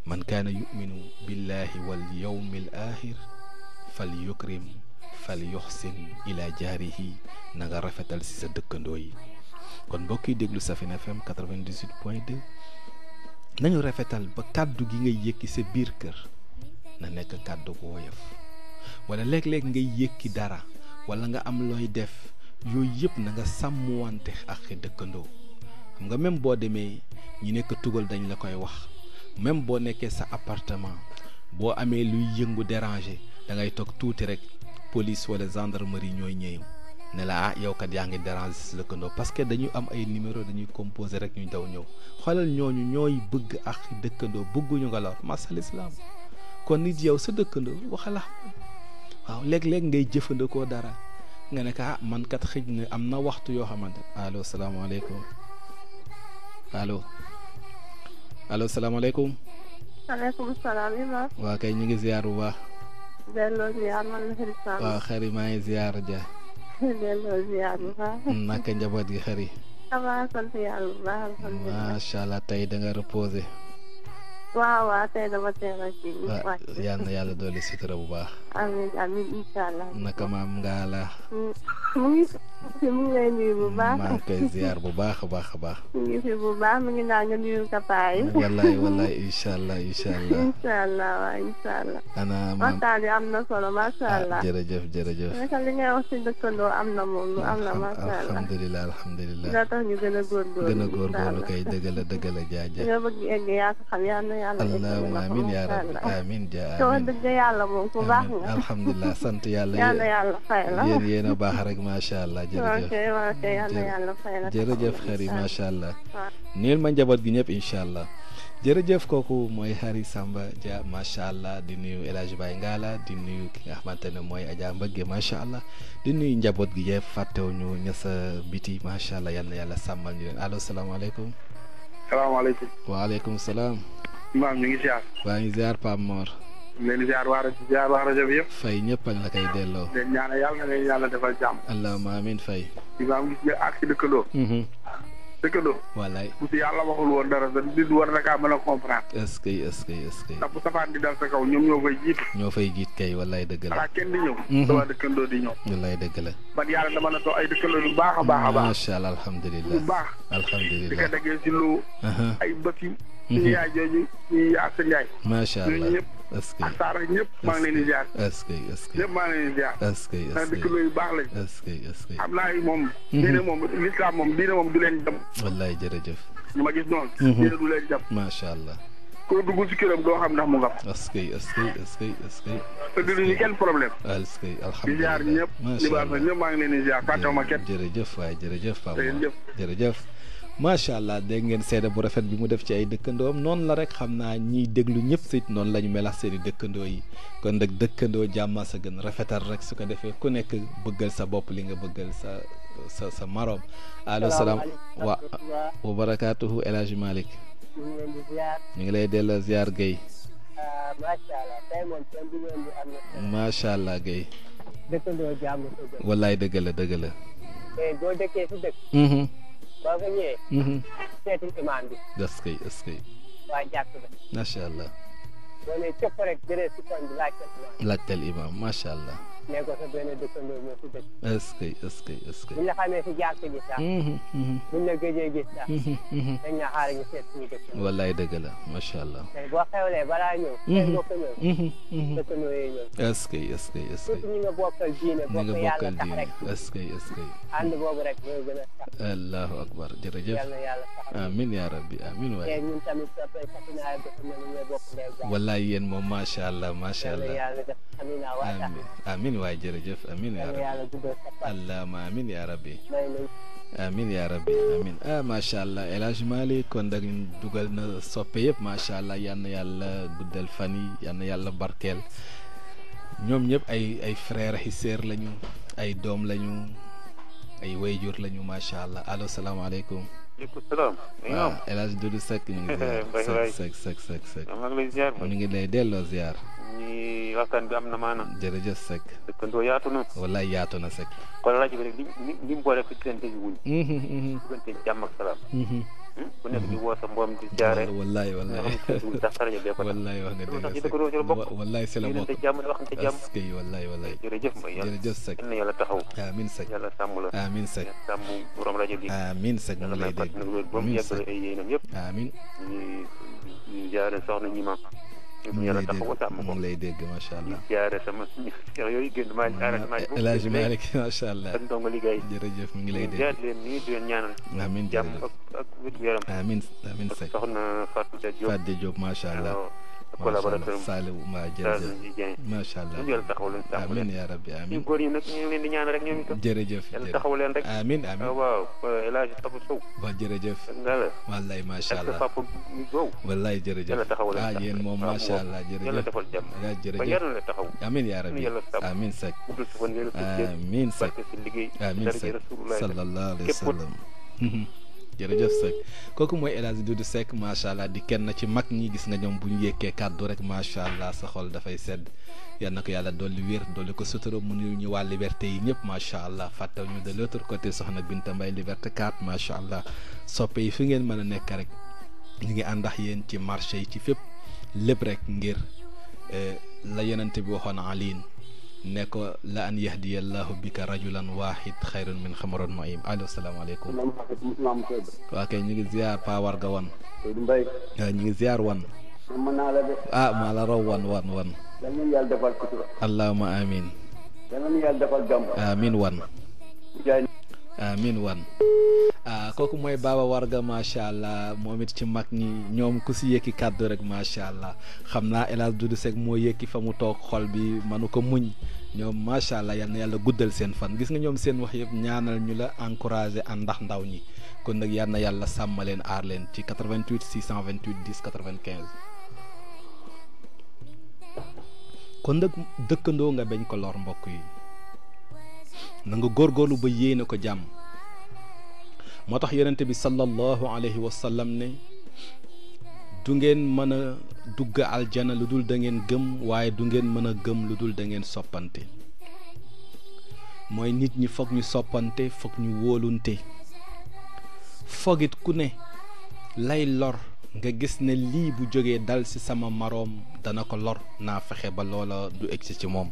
man kaana yuminu billahi wal yawmil aaxir fal yukrim fal yuxsin ila jaarihi na rafetal si sa dëkkandoo yi kon mbokk yi déglu sa FM 98 point 2 nañu rafetal ba kàddu gi ngay yëkki sa biir kër na nekk kàddu gu woyof wala léeg-léeg ngay yëkki dara wala nga am looy def yooyu yëpp na nga sàmmwante ak dëkkandoo xam nga même boo demee ñu nekk tugal dañ la koy wax même boo nekkee sa appartement boo amee luy yëngu déranger da ngay toog tuuti rek police wala gendarmerie ñooy ñëw ne la ah yow yaa ngi déranger si lëkkandoo parce que dañu am ay numéro dañuy composé rek ñu daw ñëw xoolal ñu ñooy bëgg ak dëkkandoo bëgguñu nga lor masal islam kon nit yow sa dëkkandoo waxala waaw léeg-léeg ngay jëfandikoo dara nga ne ko ah man kat xëj na am na waxtu yoo xamante allo salaamaaleykum allo alo salaamaaleykum. maaleykum waa kay ñu ngi ziar bu baax. delloo man la xarit Sall. waaw xarit maa ngi ziar ja. delloo ziar bu baax. Mm, naka njaboot gi xarit. ça va sant yàlla bu macha allah tey da nga waaw waaw tey dama teel a ji. Ah, yal na yàlla doole sutura bu baax. amiin amiin incha allah. naka maam ngaa bu baax maa ngi koy bu baax a baax a baax. mu ngi fi bu baax mu ngi naan nga nuyu kapaay. wallaay wallaay incha allah incha allah. incha allah waaw incha allah. ma waxtaan am na solo macha ah, allah. jërëjëf jërëjëf. naka li ngay wax am na moom lu am na macha allah. alhamdulilah alhamdulilah. dina tax ñu gën a góorgóorlu. gën a góorgóorlu kay xam yaa na yàlla. allahumma amiin baax rek macha allah jërëjëf jërëjëf xari macha allah niil ma njaboot gi ñëpp incha allah jërëjëf kooku mooy xari Samba Dia macha allah di nuyu El Hadj Baye Ngala di nuyu ki nga xamante ne mooy Adja Mbëgge macha allah di nuyu njaboot gi yëpp fàttewuñu ña sa biti macha allah yalla na yàlla sàmmal ñu leen allo salaamaaleykum. salaam. maam ñu ngi ziar. waa ngi ñu leen di ziar waa rajo ziar waa rajo bi yëpp. fay ñëpp ak la koy delloo. leen ñaanal yàlla na leen yàlla defal jàmm. allahumma amiin fay. imaam gis nga ak si dëkkandoo. Mm-hmm. dëkkandoo. a di dal sa kaw ñoom ñoo fay jiit kay mm-hmm. wallaay dëgg la. man yàlla dama la ay dëkkandoo yu baax a baax a baax. macha allah alhamdulilah baax. suñu yaay jooju ñuy Assa Ndiaye. macha allah ñun ñëpp. est-ce que Assaar ñëpp maa ngi di jaar. est-ce que est-ce baax lañ. est-ce que est-ce que xam naa moom. Mhm. diine moom l'islam moom diine moom du leen jëm. wallaay jërëjëf. ñu ma gis noon mhm. diine du leen jëm. macha allah. ko dugg ci këram doo xam ndax mu ngam. est-ce que est-ce que est-ce que est-ce que. te duñu kenn problème. est-ce que alhamdulilah di jaar ñëpp. macha allah di baax ñëpp maa ngi leen di jaar fàttewuma kenn. jërëjëf waay jërëjëf Pape jërëjëf macha allah dégg ngeen seede bu rafet bi mu def ci ay dëkkandoom noonu la rek xam naa ñiy déglu ñëpp sit noonu la ñu melax seen i dëkkandoo yi kon nag dëkkandoo jàmma sa gën rafetal rek su ko defee ku nekk bëggal sa bopp li nga bëggal sa sa sa maroom allo salaam wa El Hadj Malick ñu ngi lay delloo ziar Guèye ah, macha allah Guèye dëkkandoo jàmm wallaay dëgg la dëgg la eh, boo ko ñëwee. Mhm. seeti imaam bi. est allah. boo nee cëpp allah. ne ko sa benn dëkkandoo moo fi dëkk. est-ce que est-ce que est-ce que. buñ la xamee si jàkk ji sax. Mm-hmm, mm-hmm. buñ la gëjee gis sax. Mm-hmm, dañ na xaar ñu seet suñu dëkk. wallaay dëgg la macha allah. tey boo xewlee balaa ñëw. tey bokk ñëw. dëkkandoo yee ñëw. est-ce que est-ce que est-ce que. surtout ñi nga bokkal diine. ñi nga bokkal diine est-ce que est-ce que. ànd boobu rek mooy gën a sax. allahu akbar jërëjëf. yàlla yàlla sax. amiin yaa rabbi amiin waay. tey ñun tamit soppay Fatina dëkkandoo ñu bokk ndey. wallaay yéen moom macha allah macha allah. yàlla yàlla def amiin امين واي جرجف امين يا ربي اللهم امين يا ربي امين يا ربي امين اه ما شاء الله الى جمالي كون داك دوغال نا سوبيب ما شاء الله يان يالا غودال فاني يان يالا باركيل نيوم نيب اي اي فرير حسير لانيو اي دوم لانيو اي ويجور لانيو ما شاء الله الو السلام عليكم السلام ايوا الى جدول سك نيغي سك سك سك سك سك ما نغي زيار ما نغي لاي ديلو زيار ñi waxtaan bi am na maanaam. jërëjëf Seck. dëkkandoo yaatu na. wallaay yaatu na Seck. kon rajo bi rek li li li mu boole fi mhm, mhm. diggante yi salaam. Mhm. Hmm? ku nekk di woo sa mboom di jaare. wallaay wallaay ndax rajo bee ko tax. wallaay wax nga dëgg Seck wallaay si la bokk askay wallaay wallaay. jërëjëf mooy yàlla jërëjëf Seck. yal na yàlla taxaw. amiin Seck yàlla sàmm la. amiin Seck sàmm borom rajo bi. amiin Seck ñu lay dégg amiin Seck yàlla may mu yëpp. amiin. ñu jaare soxna ñi ma. mu yàlla taxawu sàmm ma mu ngi lay dégg macha allah. jaare sama yooyu génn maa ngi aar maa mu ngi lay dégg jaar leen nii di leen ñaanal. collaborateur Saliou ma jërëjëf macha allah ñu yàlla taxaw leen sàmm leen amiin yaa rabbi amiin ñu góor ñi nag leen di ñaan rek ñoom itam jërëjëf yàlla taxaw leen rek amiin amiin ah, waaw El Hadj Papa Sow waaw jërëjëf ngala wallaay macha allah Papa Sow wallaay jërëjëf yàlla taxaw leen ah yéen moom macha allah jërëjëf yàlla defal jàmm yaa ah, jërëjëf yàlla la taxaw amiin yaa rabbi amiin sak amiin sak amiin sak sallallahu alayhi wa sallam jërëjëf Seck kooku mooy El Hadj Doudou Seck macha allah di kenn ci mag ñi gis nga ñoom bu ñu yëkkee kàddu rek macha allah sa xol dafay sedd yal na ko yàlla dolli wér dolli ko sutura mu nuyu ñu waa liberté yi ñëpp macha allah fàttew ñu de l' autre côté soxna Binta mbay liberté 4 macha allah soppe yi fi ngeen mën a nekk rek ñu ngi ànd àndax yéen ci marché yi ci fépp lépp rek ngir eh, la yonent bi waxoon Aline ne ko la an yahdiya allahu bika rajulan waahid xayrun min xamaron maim allo salaamaaleykum waa kay ñu ngi ziar pa warga wan mbay waaw ñu ngi ziar wan mën ah, maa la raw wan wan wan dañu yàlla amin wan amin wan ah, kooku mooy Baba Warga macha allah moom it ci mag ñi ñoom ku si yékki kàddu rek macha allah xam naa El Hadj Doudou Seck moo yékki fa mu toog xol bi manu ko muñ ñoom macha allah yal na yàlla guddal seen fan gis nga ñoom seen wax yëpp ñaanal ñu la encouragé àndax ndaw ñi kon nag yal na yàlla sàmm leen aar leen ci 88 628 10 95. kon nag dëkkandoo nga bañ ko lor mbokk yi. nanga góor góorlu ba yéene ko jàmm moo tax yonent bi sallallahu alayhi wa sallam ne du ngeen mën a dugg aljana lu dul da gëm waaye du ngeen mën a gëm lu dul da ngeen soppante mooy nit ñi foog ñu soppante foog ñu wóolunte fogit ku ne lay lor nga gis ne lii bu jógee dal ci sama maroom dana ko lor naa fexe ba loola du egsi ci moom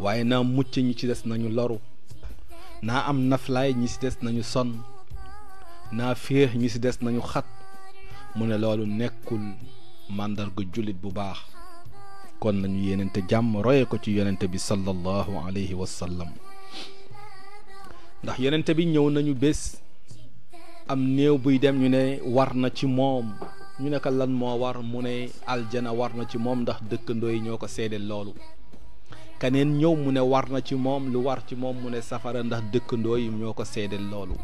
waaye naa mucc ñi ci des nañu loru naa am naflaay ñi ci des nañu sonn naa féex ñi ci des nañu xat mu ne loolu nekkul màndarga jullit bu baax kon nañu yenente jàmm roye ko ci yonente bi sallallahu alayhi wa sallam ndax yonente bi ñëw nañu bés am néew buy dem ñu ne war na ci moom ñu ne ko lan moo war mu ne aljana war na ci moom ndax dëkkandoo yi ñoo ko seedeel loolu keneen ñëw mu ne war na ci moom lu war ci moom mu ne safara ndax dëkkandoo yi ñoo ko seddal loolu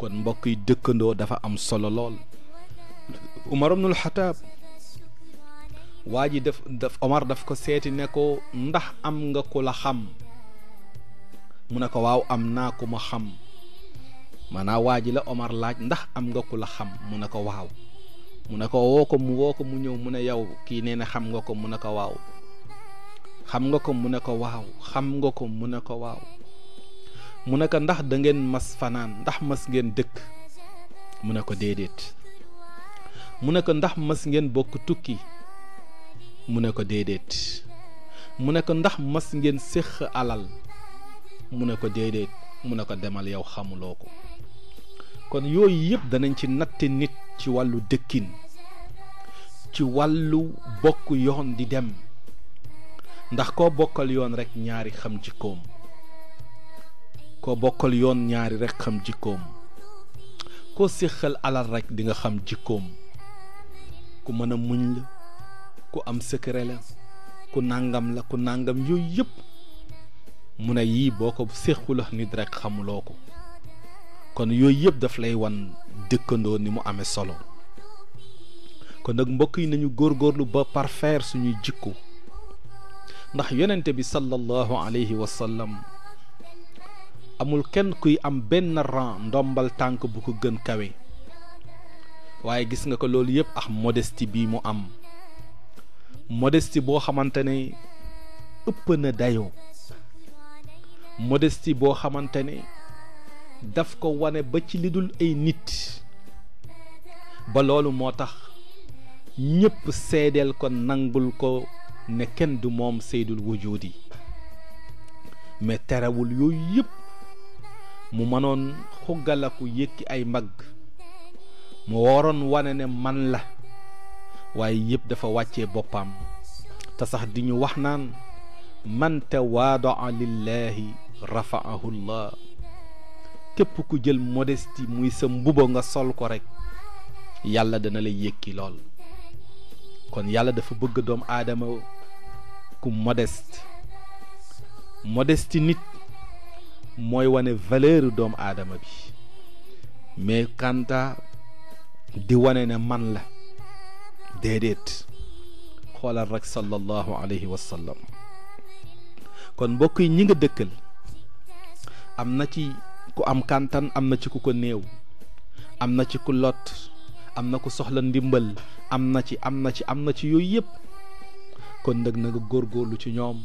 kon mbokk yi dëkkandoo dafa am solo lool Umar ibnul Xataab waa ji daf Omar daf ko seeti ne ko ndax am nga ku la xam mu ne ko waaw am naa ku ma xam maanaam waa ji la Omar laaj ndax am nga ku la xam mu ne ko waaw mu ne ko woo ko mu woo ko ñëw mu ne yow kii nee na xam nga ko mu ne ko waaw xam nga ko mu ne ko waaw xam nga ko mu ne ko waaw mu ne ko ndax dangeen mas fanaan ndax mas ngeen dëkk mu ne ko déedéet mu ne ko ndax mas ngeen bokk tukki mu ne ko déedéet mu ne ndax mas ngeen séq alal mu ne ko déedéet mu ne ko demal yow xamuloo ko kon yooyu yépp danañ ci natte nit ci wàllu dëkkin ci wàllu bokk yoon di dem ndax koo bokkal yoon rek ñaari xam jikkoom koo bokkal yoon ñaari rek xam jikkoom koo séqal alal rek di nga xam jikkoom ku mën a muñ la ku am secret ku nàngam la ku nàngam yooyu yépp mu ne yii boo ko séqula nit rekk xamuloo ko kon yooyu yëpp daf lay wan dëkkandoo ni mu amee solo kon nag mbokk yi nañu góor góorlu ba parfaire suñuy jikko ndax yonente bi sallallahu alayhi wa sallam amul kenn kuy am benn rang ndombal tànk bu ko gën kawe waaye gis nga ko loolu yëpp ax modesti bii mu am modesti boo xamante ne ëpp na dayoo modestie boo xamante ne daf ko wane ba ci li dul ay nit ba loolu moo tax ñëpp seedeel ko nangul ko ne kenn du moom seydul wujudi mais terewul yooyu yëpp mu mënoon xuggalaku yékki ay mbagg mu waroon wane ne man la waaye yëpp dafa wàcce boppam te sax di ñu wax naan man tawaadaa lillahi rafaahu képp ku jël modesti muy sa mbuba nga sol ko rekk yàlla dana la yékki lool kon yàlla dafa bëgg doom aadama ku modeste modeste nit mooy wane valeur doomu aadama bi mais kanta di wane ne man la déedéet xoolal rek sallallahu alayhi wa sallam kon mbokk yi ñi nga dëkkal am na ci ku am kàntan am na ci ku ko néew am na ci ku lot am na ku soxla ndimbal am na ci am na ci am na ci yooyu yëpp kon nag na nga góorgóorlu ci ñoom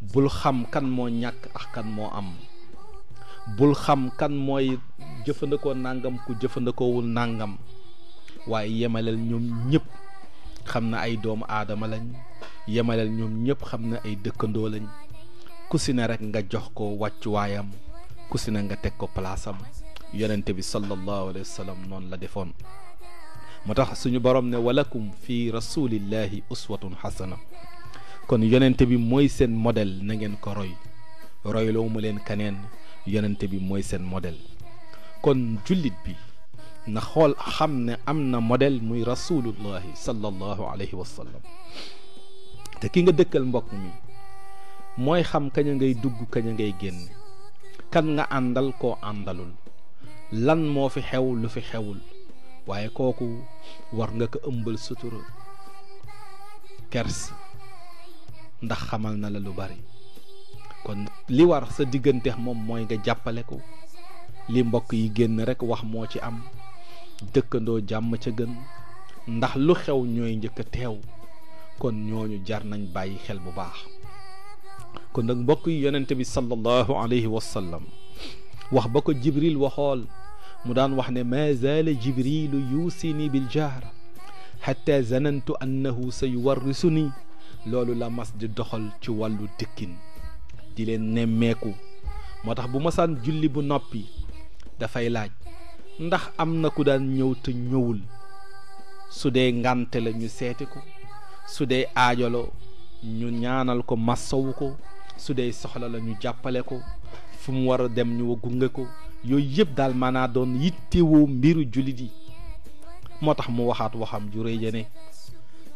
bul xam kan moo ñàkk ak kan moo am bul xam kan mooy jëfandikoo nàngam ku jëfandikoowul nàngam waaye yemaleel ñoom ñëpp xam na ay doomu aadama lañ yemaleel ñoom ñëpp xam na ay dëkkandoo lañ ku si rek nga jox ko wàccuwaayam ku si nga teg ko palaasam yonente bi sallallahu alayhi wa sallam noonu la defoon moo tax suñu borom ne walakum fi rasulillahi uswatun xasana kon yonente bi mooy seen modèle na ngeen ko roy royloo mu leen kaneen yonente bi mooy seen modèle kon jullit bi na xool xam ne am na modèle muy rasulullahi sallallahu alayhi wa sallam te ki nga dëkkal mbokk mi mooy xam kañ a ngay dugg kañ a ngay génn kan nga àndal koo àndalul lan moo fi xew lu fi xewul waaye kooku war nga ko ëmbal sutura kers ndax xamal na la lu bari kon li war sa diggante moom mooy nga jàppale ko li mbokk yi génn rekk wax moo ci am dëkkandoo jàmm ca gën ndax lu xew ñooy njëkk a teew kon ñooñu jar nañ bàyyi xel bu baax kon nag mbokk yi yonente bi sallallahu alayhi wa sallam wax ba ko jibril waxool mu daan wax ne ma zaala jibrilu yuusini bil jahr xatta zanantu wu sa yuwarrisu ni loolu la mas di doxal ci wàllu dëkkin di leen nemmeeku moo tax bu masaan julli bu noppi dafay laaj ndax am na ku daan ñëw te ñëwul su dee ngànte la ñu seeti ko su dee aajalo ñu ñaanal ko massawu ko su dee soxla la ñu jàppale ko fu mu war dem ñu gunge ko yeb dal mana don yitté wo mbiru julidi motax mu waxat waxam ju reey jene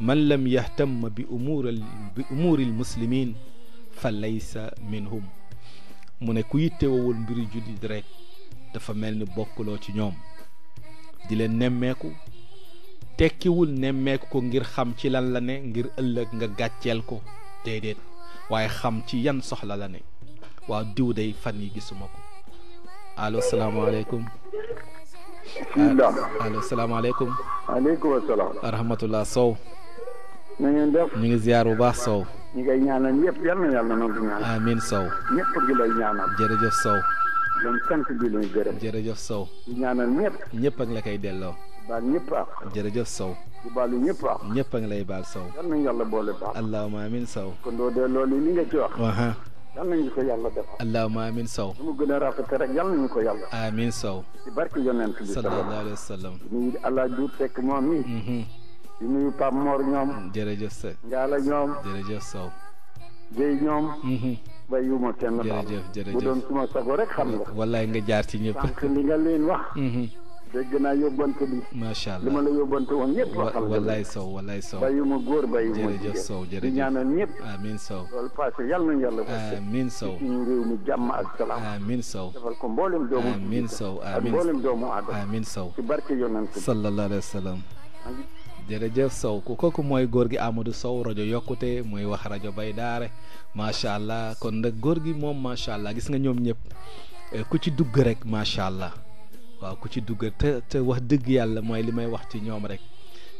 man lam yahtam bi umur al bi umuuri almuslimin fa laysa minhum mu ne ku yitté wo wol mbiru julidi rek dafa melni ni bokkuloo ci ñom di len leen tekki wul nemmeeku ko ngir xam ci lan la ne ngir ëllëg nga gatchel ko dedet waye xam ci yan soxla la ne waaw diw day fan yi gisuma ko allo salaamaaleykum. bisimilah ah, allo salaamaaleykum. maaleykum ngi ziar bu baax Sow. ñi ngay ñaanal ñaan. amiin Sow. ñëpp gi lay ñaanal. jërëjëf Sow. ñoom sant bi lañ gërëm. jërëjëf Sow. ñaanal ñëpp. ñëpp a ngi la koy delloo. baal ñëpp a. jërëjëf Sow. di baalu ñëpp a. ñëpp a ngi lay baal Sow. yal na yàlla boole baax. allahumma amiin Sow. kon yal nañu ko yàlla defal. allahumma Sow. su mu gën a rafetee rek yal nañu ko yàlla. amiin Sow. ci barke yonent bi. sallallahu alayhi wa nuyu allah Diouf fekk moom mi. Mm-hmm. di nuyu Pape Mor ñoom. jërëjëf Seck. Ndiala ñoom. jërëjëf Sow. Guèye ñoom. Mm-hmm. bay yu ma kenn. jërëjëf jërëjëf bu doon suma sago rek nga. jaar ci ñëpp. li nga leen wax. Mm-hmm. dégg naa macha allah li ma la yóbbante woon ñëpp. waxal la Sow wallaay Sow. bàyyi góor bàyyi Sow jërëjëf di ñaanal ñëpp. amiin Sow loolu yàlla. amiin Sow ci suñu jàmm ak salaam. amiin Sow defal ko Sow amiin ak mboolem Sow ci barke yonante bi. sallallahu alayhi wa jërëjëf Sow ku kooku mooy góor gi Amadou Sow rajo yokkute mooy wax rajo bay daare macha allah kon nag góor gi moom macha allah gis nga ñoom ñëpp eh, ku ci dugg rek macha allah waaw ku ci dugg te te wax dëgg yàlla mooy li may wax ci ñoom rek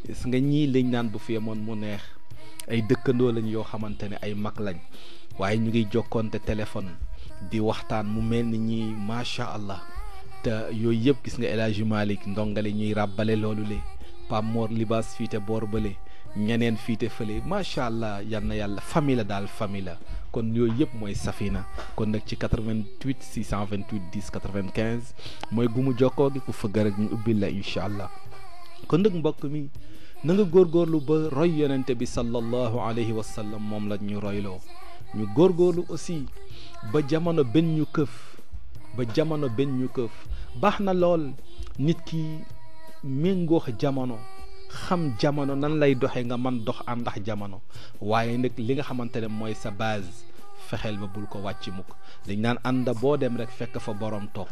gis nga ñii liñ naan bu fi yemoon mu neex ay dëkkandoo lañ yoo xamante ne ay mag lañ waaye ñu ngi jokkoonte téléphone di waxtaan mu mel ni ñii macha allah te yooyu yëpp gis nga El Hadji Malick ndongale ñuy ràbbale loolu le Pape Mor Libaas fii te boor bële ñeneen fii te fële macha allah yal na yàlla famille la daal famille la. kon yooyu yëpp mooy Safina kon nag ci 88 628 10 95 mooy gu mu jokkoo gi ku fëgg rek ñu ubbil la incha allah kon nag mbokk mi na nga góorgóorlu ba roy yonente bi sallallahu alayhi wa sallam moom la ñu royloo ñu góor góorlu aussi ba jamono benn ñu këf ba jamono benn ñu këf baax na lool nit ki méngoox jamono. xam jamono nan lay doxee nga man dox àndax jamono waaye nag li nga xamante ne mooy sa base fexeel ba bul ko wàcc mukk dañ naan ànd boo dem rek fekk fa borom toog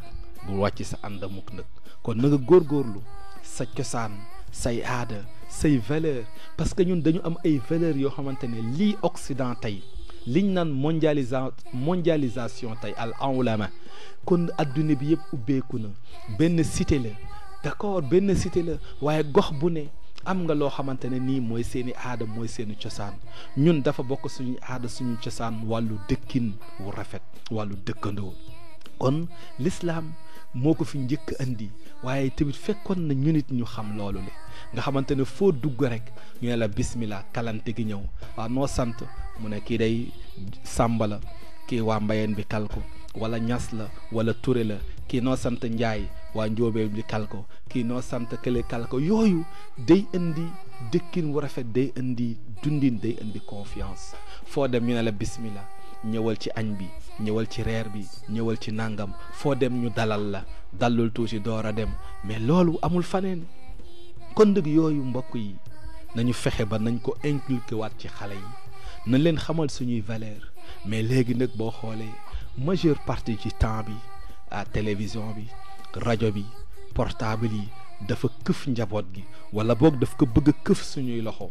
bul wàcc sa ànda mukk nag kon nanga góor góorlu sa cosaan say aada say valeur parce que ñun dañu am ay valeur yoo xamante ne lii Occident tey liñ naan mondialisa mondialisation tey al awlama kon adduna bi yëpp ubbeeku na benn cité la d'accord benn cité la waaye gox bu ne am nga loo xamante ne nii mooy seeni aada mooy seeni cosaan ñun dafa bokk suñu aada suñu cosaan wàllu dëkkin wu rafet wàllu dëkkandoo kon lislaam moo ko fi njëkk indi waaye tamit fekkoon na ñu nit ñu xam loolu le nga xamante ne foo dugg rek ñu ne la bismillah kalante gi ñëw waaw noo sant mu ne kii day sàmba la kii waa mbayeen bi kal ko wala ñas la wala ture la kii noo sant njaay waa njóobeen bi kal ko kii noo sant kële kal ko yooyu day indi dëkkin wu rafet day indi dundin day indi confiance foo dem ñu ne la bismillah ñëwal ci añ bi ñëwal ci reer bi ñëwal ci nàngam foo dem ñu dalal la dalul tuuti door a dem mais loolu amul faneen kon dëgg yooyu mbokk yi nañu fexe ba nañ ko inculquer waat ci xale yi nañ leen xamal suñuy valeur mais léegi nag boo xoolee majeure partie ci temps bi ah télévision bi rajo bi portable yi dafa këf njaboot gi wala boog daf ko bëgg këf suñuy loxo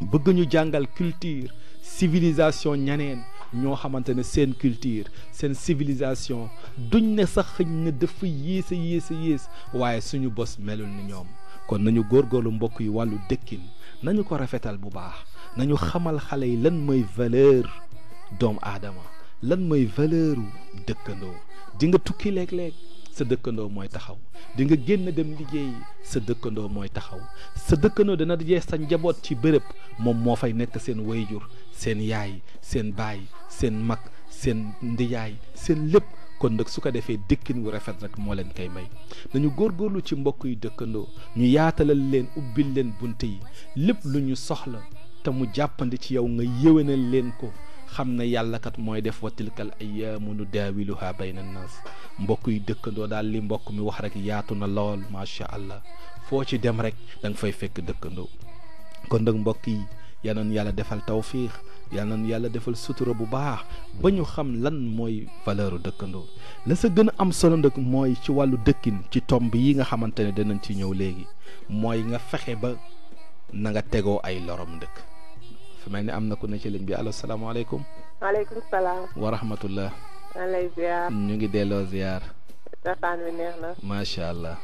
bëgg jàngal culture civilisation ñeneen ñoo xamante ne seen culture seen civilisation duñ ne sax xëñ na dafa yées a yées a yées waaye suñu bos melul ni ñoom kon nañu góor góorgóorlu mbokk yu wàllu dëkkin nañu ko rafetal bu baax nañu xamal xale yi lan mooy valeur doomu aadama lan mooy valeur dëkkandoo di nga tukki léeg-léeg sa dëkkandoo mooy taxaw di nga génn dem liggéey sa dëkkandoo mooy taxaw sa dëkkandoo dana dajee sa njaboot ci bërëb moom moo fay nekk seen wayjur seen yaay seen baay seen mag seen ndiyaay seen lépp kon nag su ko defee dëkkin wu rafet rek moo leen koy may góor góorlu ci mbokk yi dëkkandoo ñu yaatalal leen ubbil leen bunt yi lépp lu ñu soxla te mu jàppandi ci yow nga yéwénal leen ko xam na yàlla kat mooy def wa tilkal ayyaamu nudaawiluhaa bayna naas mbokk yi dëkkandoo daal li mbokk mi wax rek yaatu na lool macha allah foo ci dem rek da nga fay fekk dëkkandoo kon nag mbokk yi yal yàlla defal tawfiix yal nañu yàlla defal sutura bu baax ba ñu xam lan mooy valeur dëkkandoo la sa gën a am solo nag mooy ci wàllu dëkkin ci tomb yi nga xamante ne danañ ci ñëw léegi mooy nga fexe ba na nga tegoo ay lorom ndëkk dafa mel na ku ne ci ligne bi allo salaamaaleykum. maaleykum salaam. wa rahmatullah. maa ziar. ñu ngi delloo ziar. waxtaan wi neex na. macha allah.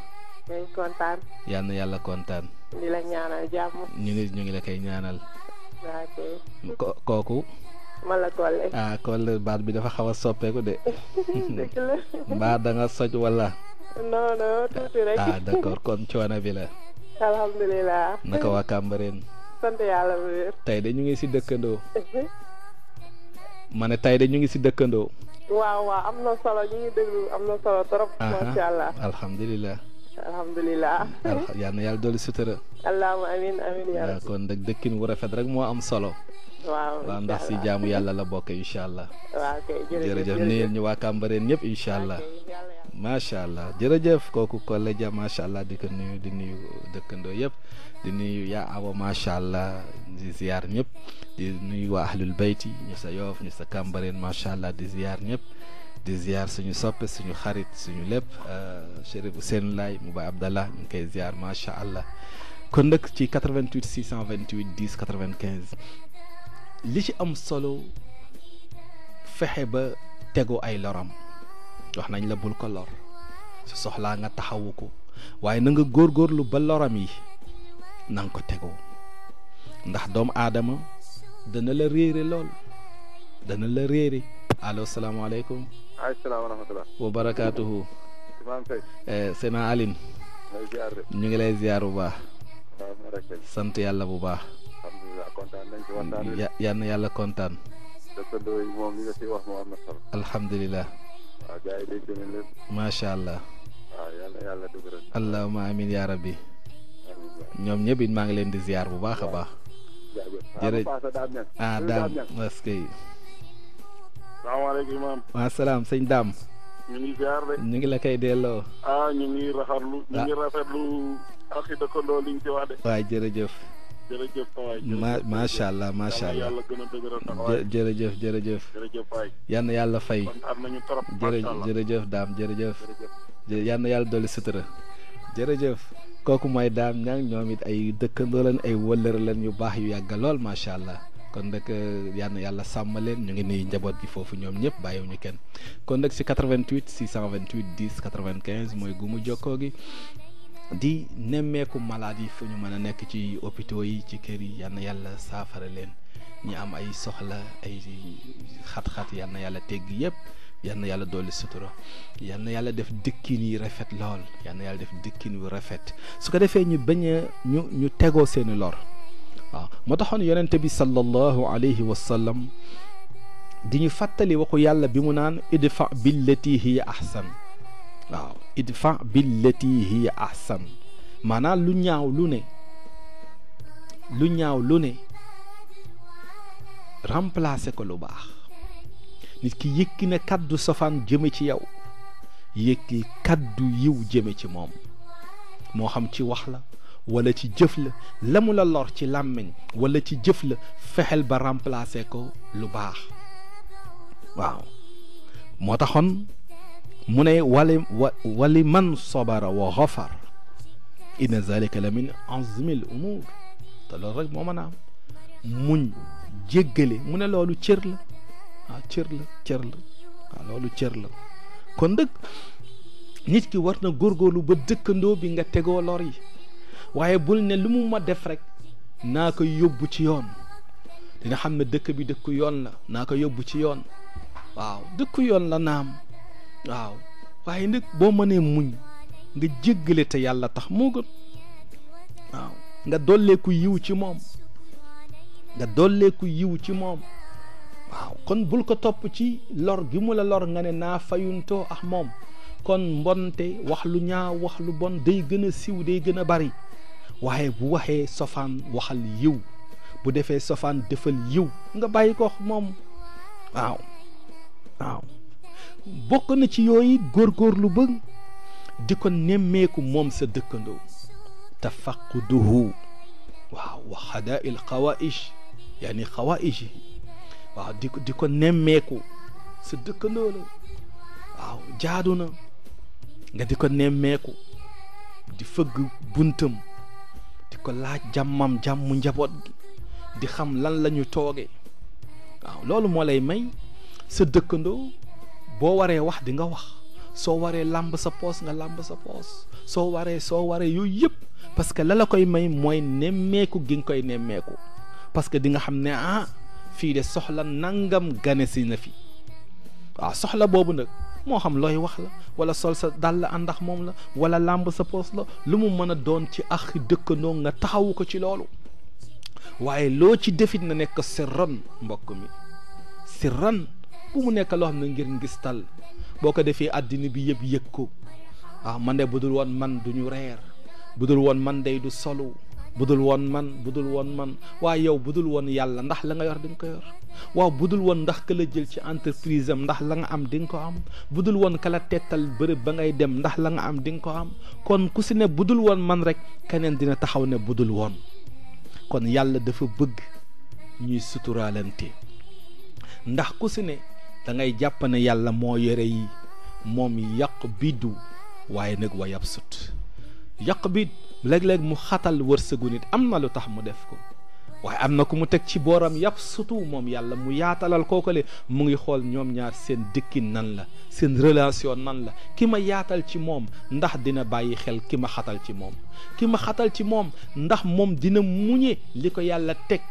ñu ngi yalla yal na yàlla kontaan. di la ñaanal jàmm. ñu ngi ñu ngi la koy ñaanal. waaw kay. kooku. ah Kole baat bi dafa xaw a soppeeku de. dëgg la. mbaa da nga soj wala. non non tuuti rek. ah d' accord kon coono bi la. alhamdulilah. naka waa Cambérène sant yàlla ya, bu wér. Ya. tey de ñu ngi ci dekkendo ma ne de ñu ngi si dëkkandoo. Eh? waaw waaw amna solo ñu ngi deglu amna solo torop ma sha allah alhamdullilah alhamdullilah yal na yàlla ya, dolli sutura. allahumma amin amin ya rabbi kon nag dëkkin wu rafet rek mo am solo. waaw waaw ndax si jaamu yalla la bokk inshallah waaw kay jere jërëjëf ñu wa kambareen ñep inshallah allah. macha allah jërëjëf kooku Collé Dia allah di ko nuyu di nuyu dëkkandoo yëpp di nuyu yaa awa macha allah di ziar ñëpp di nuyu waa ahlul bayti ñu sa yoof ñu sa kàmbareen macha allah di ziar ñëpp di ziar suñu soppe suñu xarit suñu lépp euh, chérif Ousseynou Laye mu ba Abdallah ñu ngi koy ziar macha allah kon nag ci 88 628 10 95 li ci am solo fexe ba tegu ay loram. wax nañ la bul ko lor su soxlaa nga taxawu ko waaye na góor góorgóorlu ba loram yi na ko tegoo ndax doomu aadama dana la réere lool dana la réere allo salaamaaleykum. waaleykum salaam wa rahmatulah. Eh, ñu ngi lay ziar bu baax. sant yàlla bu baax. alhamdulilah kontaan yàlla kontaan. dëkkandoo alhamdulilah. waaw gars allah. waaw yal yàlla dëgëral. allahumma amiin yaa rabbi. ñoom ñëpp maa ngi leen di ziar bu baax a baax. jërëjëf ah sëñ daam. ngi la koy delloo. ah ñu ngi raxarlu. jërëjëf ma macha allah macha allah jërëjëf jërëjëf yal na yàlla fay jërëjëf daam jërëjëf yal yàlla dolli sutura jërëjëf kooku mooy daam ñang ñoom it ay dëkkandoo leen ay wëllër leen yu baax yu yàgg lool macha allah kon nag euh, yal na yàlla sàmm leen ñu ngi nii njaboot gi foofu ñoom ñëpp ñu kenn kon nag si 88 628 10 95 mooy gumu jokkoo gi di nemeku maladi fuñu mëna nek ci hôpitaux yi ci kër yi yalla yàlla safara len ñi am ay soxla ay xat-xat yalla yàlla tegg yépp yalla yàlla doli sutura yalla yàlla def dëkkin yi rafet lol yalla yàlla def dëkkin wu rafet su ko defee ñu bañ ñu ñu tegoo seen lor waaw moo taxoon yonente bi sallallahu alayhi wa sallam di ñu fatali waxu yàlla bi mu naan idfa billati hi ahsan waaw idfa billati hiya ahsan maanaam lu ñaaw lu ñaaw lu ne remplacer ko lu baax nit ki yëkki kàddu safaan jëme ci yow yëkki kàddu yiw jëme ci moom moo xam ci wax la walla ci jëf la lamu la lor ci làmmiñ wala ci jëf la fexeel ba remplacer ko lu baax waaw moo taxoon mu ne wali wali man sabara wa xafar inna zalika la min azmil umur te loolu rek moo mën a am muñ jéggale mu ne loolu cër la waaw cër la cër la waaw loolu cër la kon dëgg nit ki war na góorgóorlu ba dëkkandoo bi nga tegoo lor yi waaye bul ne lu mu ma def rek naa ko yóbbu ci yoon dina xam ne dëkk bi dëkku yoon la naa ko yóbbu ci yoon waaw dëkku yoon la naam waaw waaye nag boo nee muñ nga jéggale te yàlla tax moo gën waaw nga dolleeku yiw ci moom nga dolleeku yiw ci moom waaw kon bul ko topp ci lor gi mu la lor nga ne naa fayuntoo ak moom kon mbonte wax lu ñaaw wax lu bon day gën a siw day gën a bari waaye bu waxee sofaan waxal yiw bu defee sofaan defal yiw nga bàyyi ko moom waaw waaw bokk na ci yooyu góorgóorlu ba di ko nemmeeku moom sa dëkkandoo tafaquduhu waaw wa xadaa il xawaaij yaani xawaaij yi waaw di ko di ko nemmeeku sa dëkkandoo la waaw jaadu na nga di ko nemmeeku di fëgg buntam di ko laaj jàmmam jàmmu njaboot gi di xam lan lañu tooge waaw loolu moo lay may sa dëkkandoo boo waree wax di nga wax soo waree làmb sa poos nga làmb sa poos soo waree soo waree yooyu yëpp parce que la la koy may mooy nemmeeku gi nga koy nemmeeku parce que di nga xam ne ah fii de soxla nangam gane si na fi waaw soxla boobu nag moo xam looy wax la wala sol sa dàll àndax moom la wala làmb sa poos la lu mu mën a doon ci ax dëkkandoo nga taxawu ko ci loolu waaye loo ci defit na nekk sirran mbokk mi si sirran mu nekk loo xam ne ngir ngis tal boo ko defee àddina bi yëpp yëg ko waaw ah, man de budul woon man du ñu reer budul woon man dey du solo budul woon man budul woon man waaye yow budul woon yàlla ndax la nga yor di nga ko yor waaw budul woon ndax ka la jël ci entreprise am ndax la nga am di nga ko am budul woon ka la tettal ba ngay dem ndax la nga am di ko am kon ku si ne budul woon man rek keneen dina taxaw ne budul woon kon yàlla dafa bëgg ñuy suturaalante ndax ku si ne da ngay jàpp ne yàlla mo yere yi mom yàq biddu waaye nag wa yab sut yàq bi léeg-léeg mu khatal wërsëgu nit amna lu tax mu def ko waye amna ku mu tek ci boram yab sutu moom yàlla mu yaatalal kokole mu ngi xol ñom ñaar seen dëkkin nan la seen relation nan la kima ma yaatal ci mom ndax dina bàyyi xel kima khatal ci mom kima khatal ci mom ndax mom dina muñe liko yàlla tek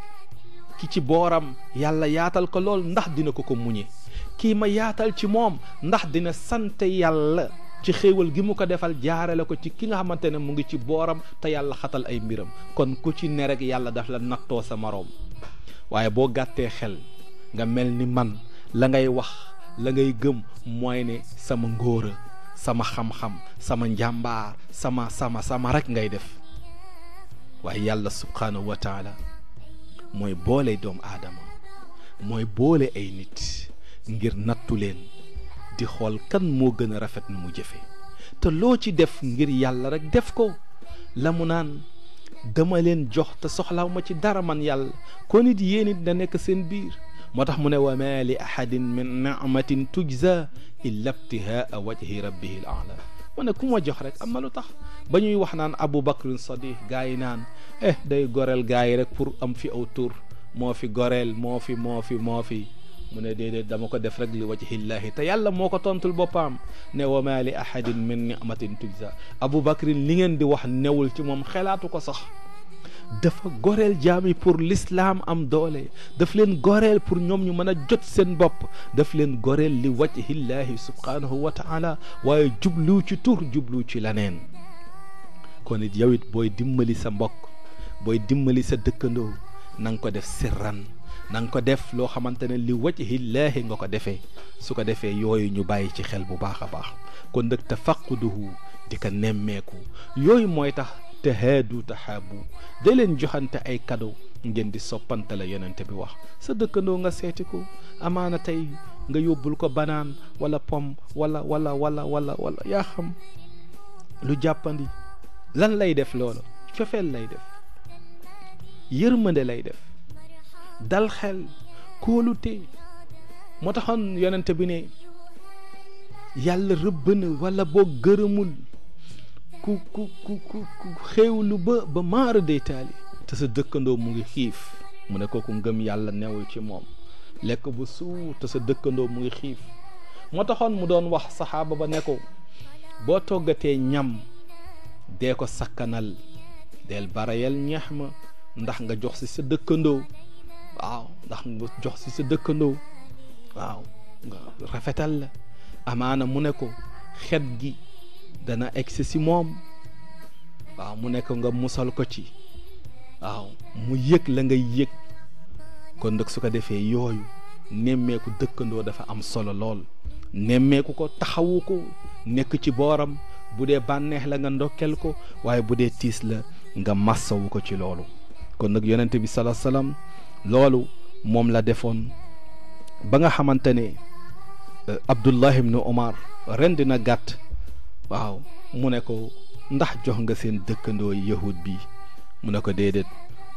ki ci boram yàlla yaatal ko lol ndax dina ko ko muñe kii ma yaatal ci moom ndax dina sant yàlla ci xéewal gi mu ko defal jaarale ko ci ki nga xamante ne mu ngi ci booram te yàlla xatal ay mbiram kon ku ci ne rek yàlla daf la nattoo sa moroom waaye boo gàttee xel nga mel ni man la ngay wax la ngay gëm mooy ne sama ngóora sama xam-xam sama njàmbaar sama sama sama rek ngay def waaye yàlla subhaanahu wa taala mooy boole doomu aadama mooy boole ay nit ngir nattu leen di xool kan moo gën a rafet mu jëfe te loo ci def ngir yàlla rek def ko la mu naan dama leen jox te soxlaaw ma ci dara man yàlla kon it yéen it da nekk seen biir moo tax mu ne wa ma li ahadin min ni'matin tujza illa ibtihaa wajhi rabbihi al mu ne ku ma jox rek am na lu tax ba ñuy wax naan Abu Bakrin Sadiq gaa yi naan eh day goreel gaa yi rek pour am fi aw tur moo fi goreel moo fi moo fi moo fi mu ne déedéet dama ko def rek li wajhillaahi te yàlla moo ko tontul boppam ne wa maa li ahadin min ni'matin tujza abu bakrin li ngeen di wax newul ci moom xelaatu ko sax dafa goreel jaam yi pour l'islam am doole daf leen goreel pour ñoom ñu mën a jot seen bopp daf leen goreel li wajhillaahi subhanahu wa taala waaye jublu ci tur jublu ci laneen kon it yow it booy dimbali sa mbokk booy dimbali sa dëkkandoo na nga ko def sirran na nga ko def loo xamante ne li wajhi llaahi nga ko defee su ko defee yooyu ñu bàyyi ci xel bu baax a baax kon nag tafaquduhu di ko nemmeeku yooyu mooy tax tahaadu tahaabu da leen joxante ay kado ngeen di soppante la yonente bi wax sa dëkkandoo nga seeti ko amaana tey nga yóbbul ko banaan wala pom wala walla walla wala wala yaa xam lu jàppandi lan lay def loolu cofeel lay def yërmande lay def dal xel kóolute moo taxoon yonente bi ne yàlla rëbb na wala boo gërëmul ku ku ku ku xéewlu ba ba maara day taali te sa dëkkandoo mu ngi xiif mu ne kooku ngëm yàlla newul ci moom lekk bu suur te dëkkandoo mu xiif moo taxoon mu doon wax saxaaba ba ne ko boo toggatee ñam dee ko sakkanal del barayal ñeex ma ndax nga jox si sa dëkkandoo waaw ndax nga jox si sa dëkkandoo waaw nga rafetal la amaana mu ne ko xet gi dana egsi si moom waaw mu ne ko nga musal ko ci waaw mu yëg la ngay yëg kon nag su ko defee yooyu nemmeeku dëkkandoo dafa am solo lool nemmeeku ko taxawu ko nekk ci booram bu dee bànneex la nga ndokkel ko waaye bu dee tiis la nga massawu ko ci loolu kon nag yonent bi sala loolu moom la defoon ba nga xamante ne euh, Abdullah ibn Omar rendi na gàtt waaw mu ne ko ndax jox nga seen dëkkandoo yahud bi mu ne ko déedéet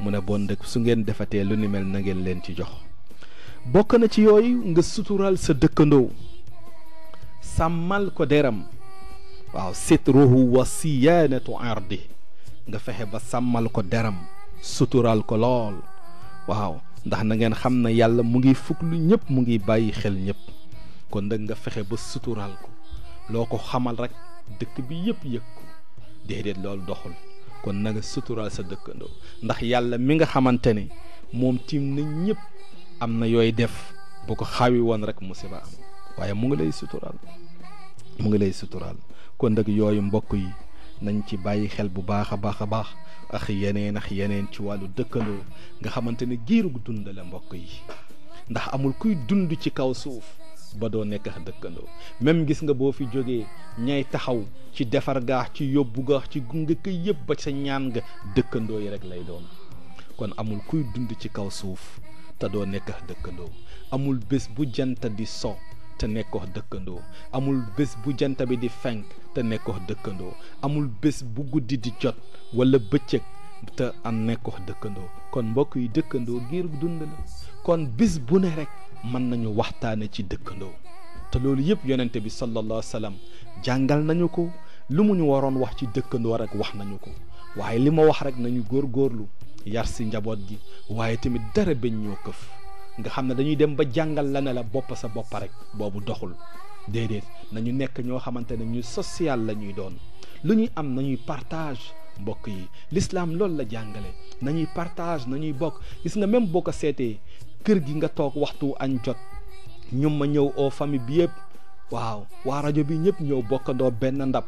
mu ne bon dëkk su ngeen defatee lu ni mel na ngeen leen ci jox bokk na ci yooyu nga sutural sa dëkkandoo sàmmal ko deram waaw sitruhu wa siyaanatu ardi nga fexe ba sàmmal ko deram sutural ko lool waaw ndax na ngeen xam na yàlla mu ngi fuglu ñëpp mu ngi bàyyi xel ñëpp kon nag nga fexe ba suturaal ko loo ko xamal rek dëkk bi yëpp yëg ko déedéet loolu doxul kon na suturaal sa dëkkandoo ndax yàlla mi nga xamante ni moom tiim na ñëpp am na yooyu def bu ko xawi woon rek musiba am waaye mu ngi lay suturaal mu ngi lay suturaal kon nag yooyu mbokk yi nañ ci bàyyi xel bu baax a baax a baax ak yeneen ak yeneen ci wàllu dëkkandoo nga xamante ni giirug dund la mbokk yi ndax amul kuy dund ci kaw suuf ba doo nekk ak dëkkandoo même gis nga boo fi jógee ñay taxaw ci defar gaax ci yóbbu gaax ci gunge ko yëpp ba sa ñaan nga dëkkandoo yi rek lay doon kon amul kuy dund ci kaw suuf te doo nekk ak dëkkandoo amul bés bu jant di so te nekkoo dëkkandoo amul bés bu jant bi di fenk te nekkoo dëkkandoo amul bés bu guddi di jot wala bëccëg te am nekkoo dëkkandoo kon mbokk yi dëkkandoo giir dund la kon bés bu ne rek mën nañu waxtaane ci dëkkandoo te loolu yëpp yonente bi sallallahu alayhi jàngal nañu ko lu mu ñu waroon wax ci dëkkandoo rek wax nañu ko waaye li ma wax rek nañu góor góorlu yar si njaboot gi waaye tamit dara bañ ñoo këf nga xam ne dañuy dem ba jàngal la ne la bopp sa bopp rek boobu doxul déedéet nañu nekk ñoo xamante ne ñu social la ñuy doon lu ñuy am nañuy partage mbokk yi lislaam loolu la jàngale nañuy partage nañuy bokk gis nga même boo ko seetee kër gi nga toog waxtu añ jot ñum ma ñëw oo famille bi yëpp waaw waa rajo bi ñëpp ñëw bokkandoo benn ndab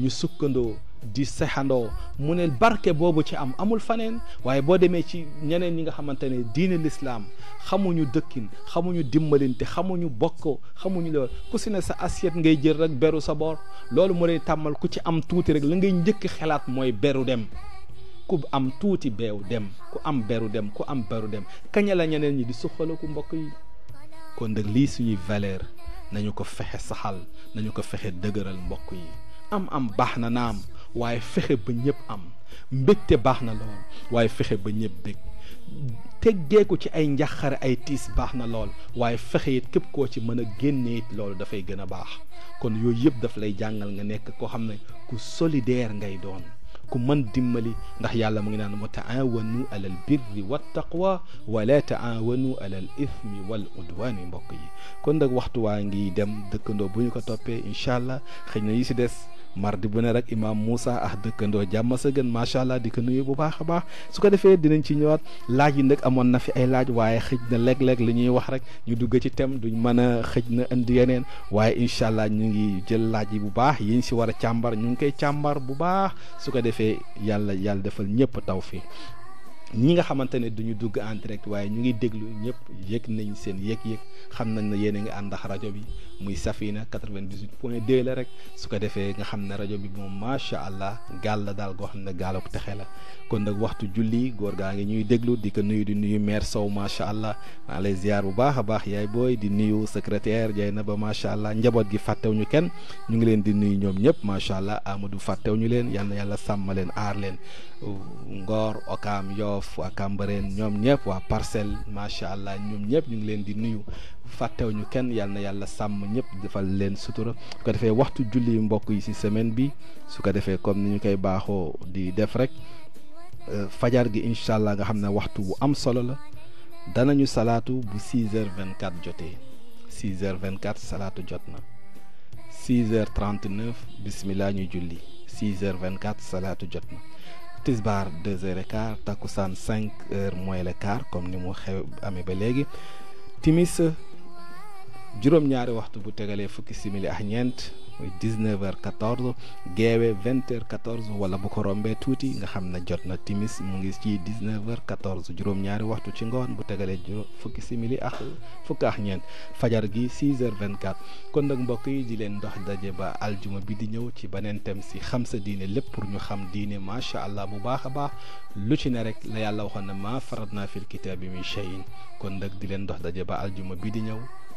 ñu sukkandoo di sexandoo mu ne barke boobu ci am amul faneen waaye boo demee ci ñeneen ñi nga xamante ne diine lislaam xamuñu dëkkin xamuñu dimbalinte xamuñu bokk xamuñu loolu ku si ne sa assiette ngay jël rek beru sa boor loolu mu lay tàmmal ku ci am tuuti rek la ngay njëkk xalaat mooy beru dem ku am tuuti beew dem ku am beru dem ku am beru dem kaña la ñeneen ñi di suqalaku mbokk yi kon nag lii suñuy valer nañu ko fexe saxal nañu ko fexe dëgëral mbokk yi am am baax na naam waaye fexe ba ñëpp am mbégte baax na lool waaye fexe ba ñëpp bég teggeeku ci ay njaxare ay tiis baax na lool waaye fexe it képp koo ci mën a génnee it loolu dafay gën a baax kon yooyu yëpp daf lay jàngal nga nekk koo xam ne ku solidaire ngay doon ku mën dimbali ndax yàlla mu ngi naan wa taawanu alal birri wala taawanu alal ithmi wal udwaani mbokk yi kon nag waxtu waa ngi dem dëkkandoo bu ñu ko toppee incha allah xëy na yi si des mardi bu ne rek imaam Moussa ah dëkkandoo jàmm sa gën macha allah di ko nuyu bu baax a baax su ko defee dinañ ci ñëwaat laaj yi nag amoon na fi ay laaj waaye xëj na léeg-léeg li ñuy wax rek ñu dugg ci thème duñ mën a xëj na indi yeneen waaye incha allah ñu ngi jël laaj yi bu baax yiñ si war a càmbar ñu ngi koy càmbar bu baax su ko defee yàlla yàlla defal ñëpp taw fii ñi nga xamante ne ñu dugg en waaye ñu ngi déglu ñëpp yëg nañ seen yëg-yëg xam nañ ne yéen a ngi ànd ak rajo bi muy Safina 98 point 2 la rek su ko defee nga xam ne rajo bi moom macha allah gaal la daal ko xam ne gaal ak texe la kon nag waxtu julli góor gaa ngi ñuy déglu di ko nuyu di nuyu maire Sow macha allah maa lay ziar bu baax a baax yaay booy di nuyu secrétaire jay na ba macha allah njaboot gi fàttewuñu kenn ñu ngi leen nuyu ñoom ñëpp macha allah Amadou fàttewuñu leen yal yàlla sàmm leen aar leen. Ngor Okam Yoff waa Cambérène ñoom ñëpp waa Parcelles macha allah ñoom ñëpp ñu ngi leen di nuyu fàttewu ñu kenn yal na yàlla sàmm ñëpp defal leen sutura su ko defee waxtu julli mbokk yi ci semaine bi su ko defee comme ni ñu koy baaxoo di def rek euh, fajar gi incha allah nga xam ne waxtu bu am solo la danañu salaatu bu 6 heures 24 jotee 6 heures 24 salaatu jot na 6 heures 39 bismillah ñu julli 6 heures 24 salaatu jot na. tisbaar deux heures et quart takkusaan cinq heures moins le comme ni mu xew amee ba léegi timis juróom-ñaari waxtu bu tegalee fukki simili ak ñeent muy 19 heures 14 geewe 20 heures wala bu ko rombee tuuti nga xam ne jot na timis mu ngi ci 19 heures 14 juróom-ñaari waxtu ci ngoon bu tegalee juróom fukki simili ak fukk ak fajar gi 6 heures 24 kon nag mbokk yi di leen dox daje ba aljuma bi di ñëw ci beneen thème si xam sa diine lépp pour ñu xam diine macha allah bu baax a baax lu ci ne rek la yàlla waxoon ne maa farat naa fil kitaabi min shay'in kon nag di leen dox daje ba aljuma bi di ñëw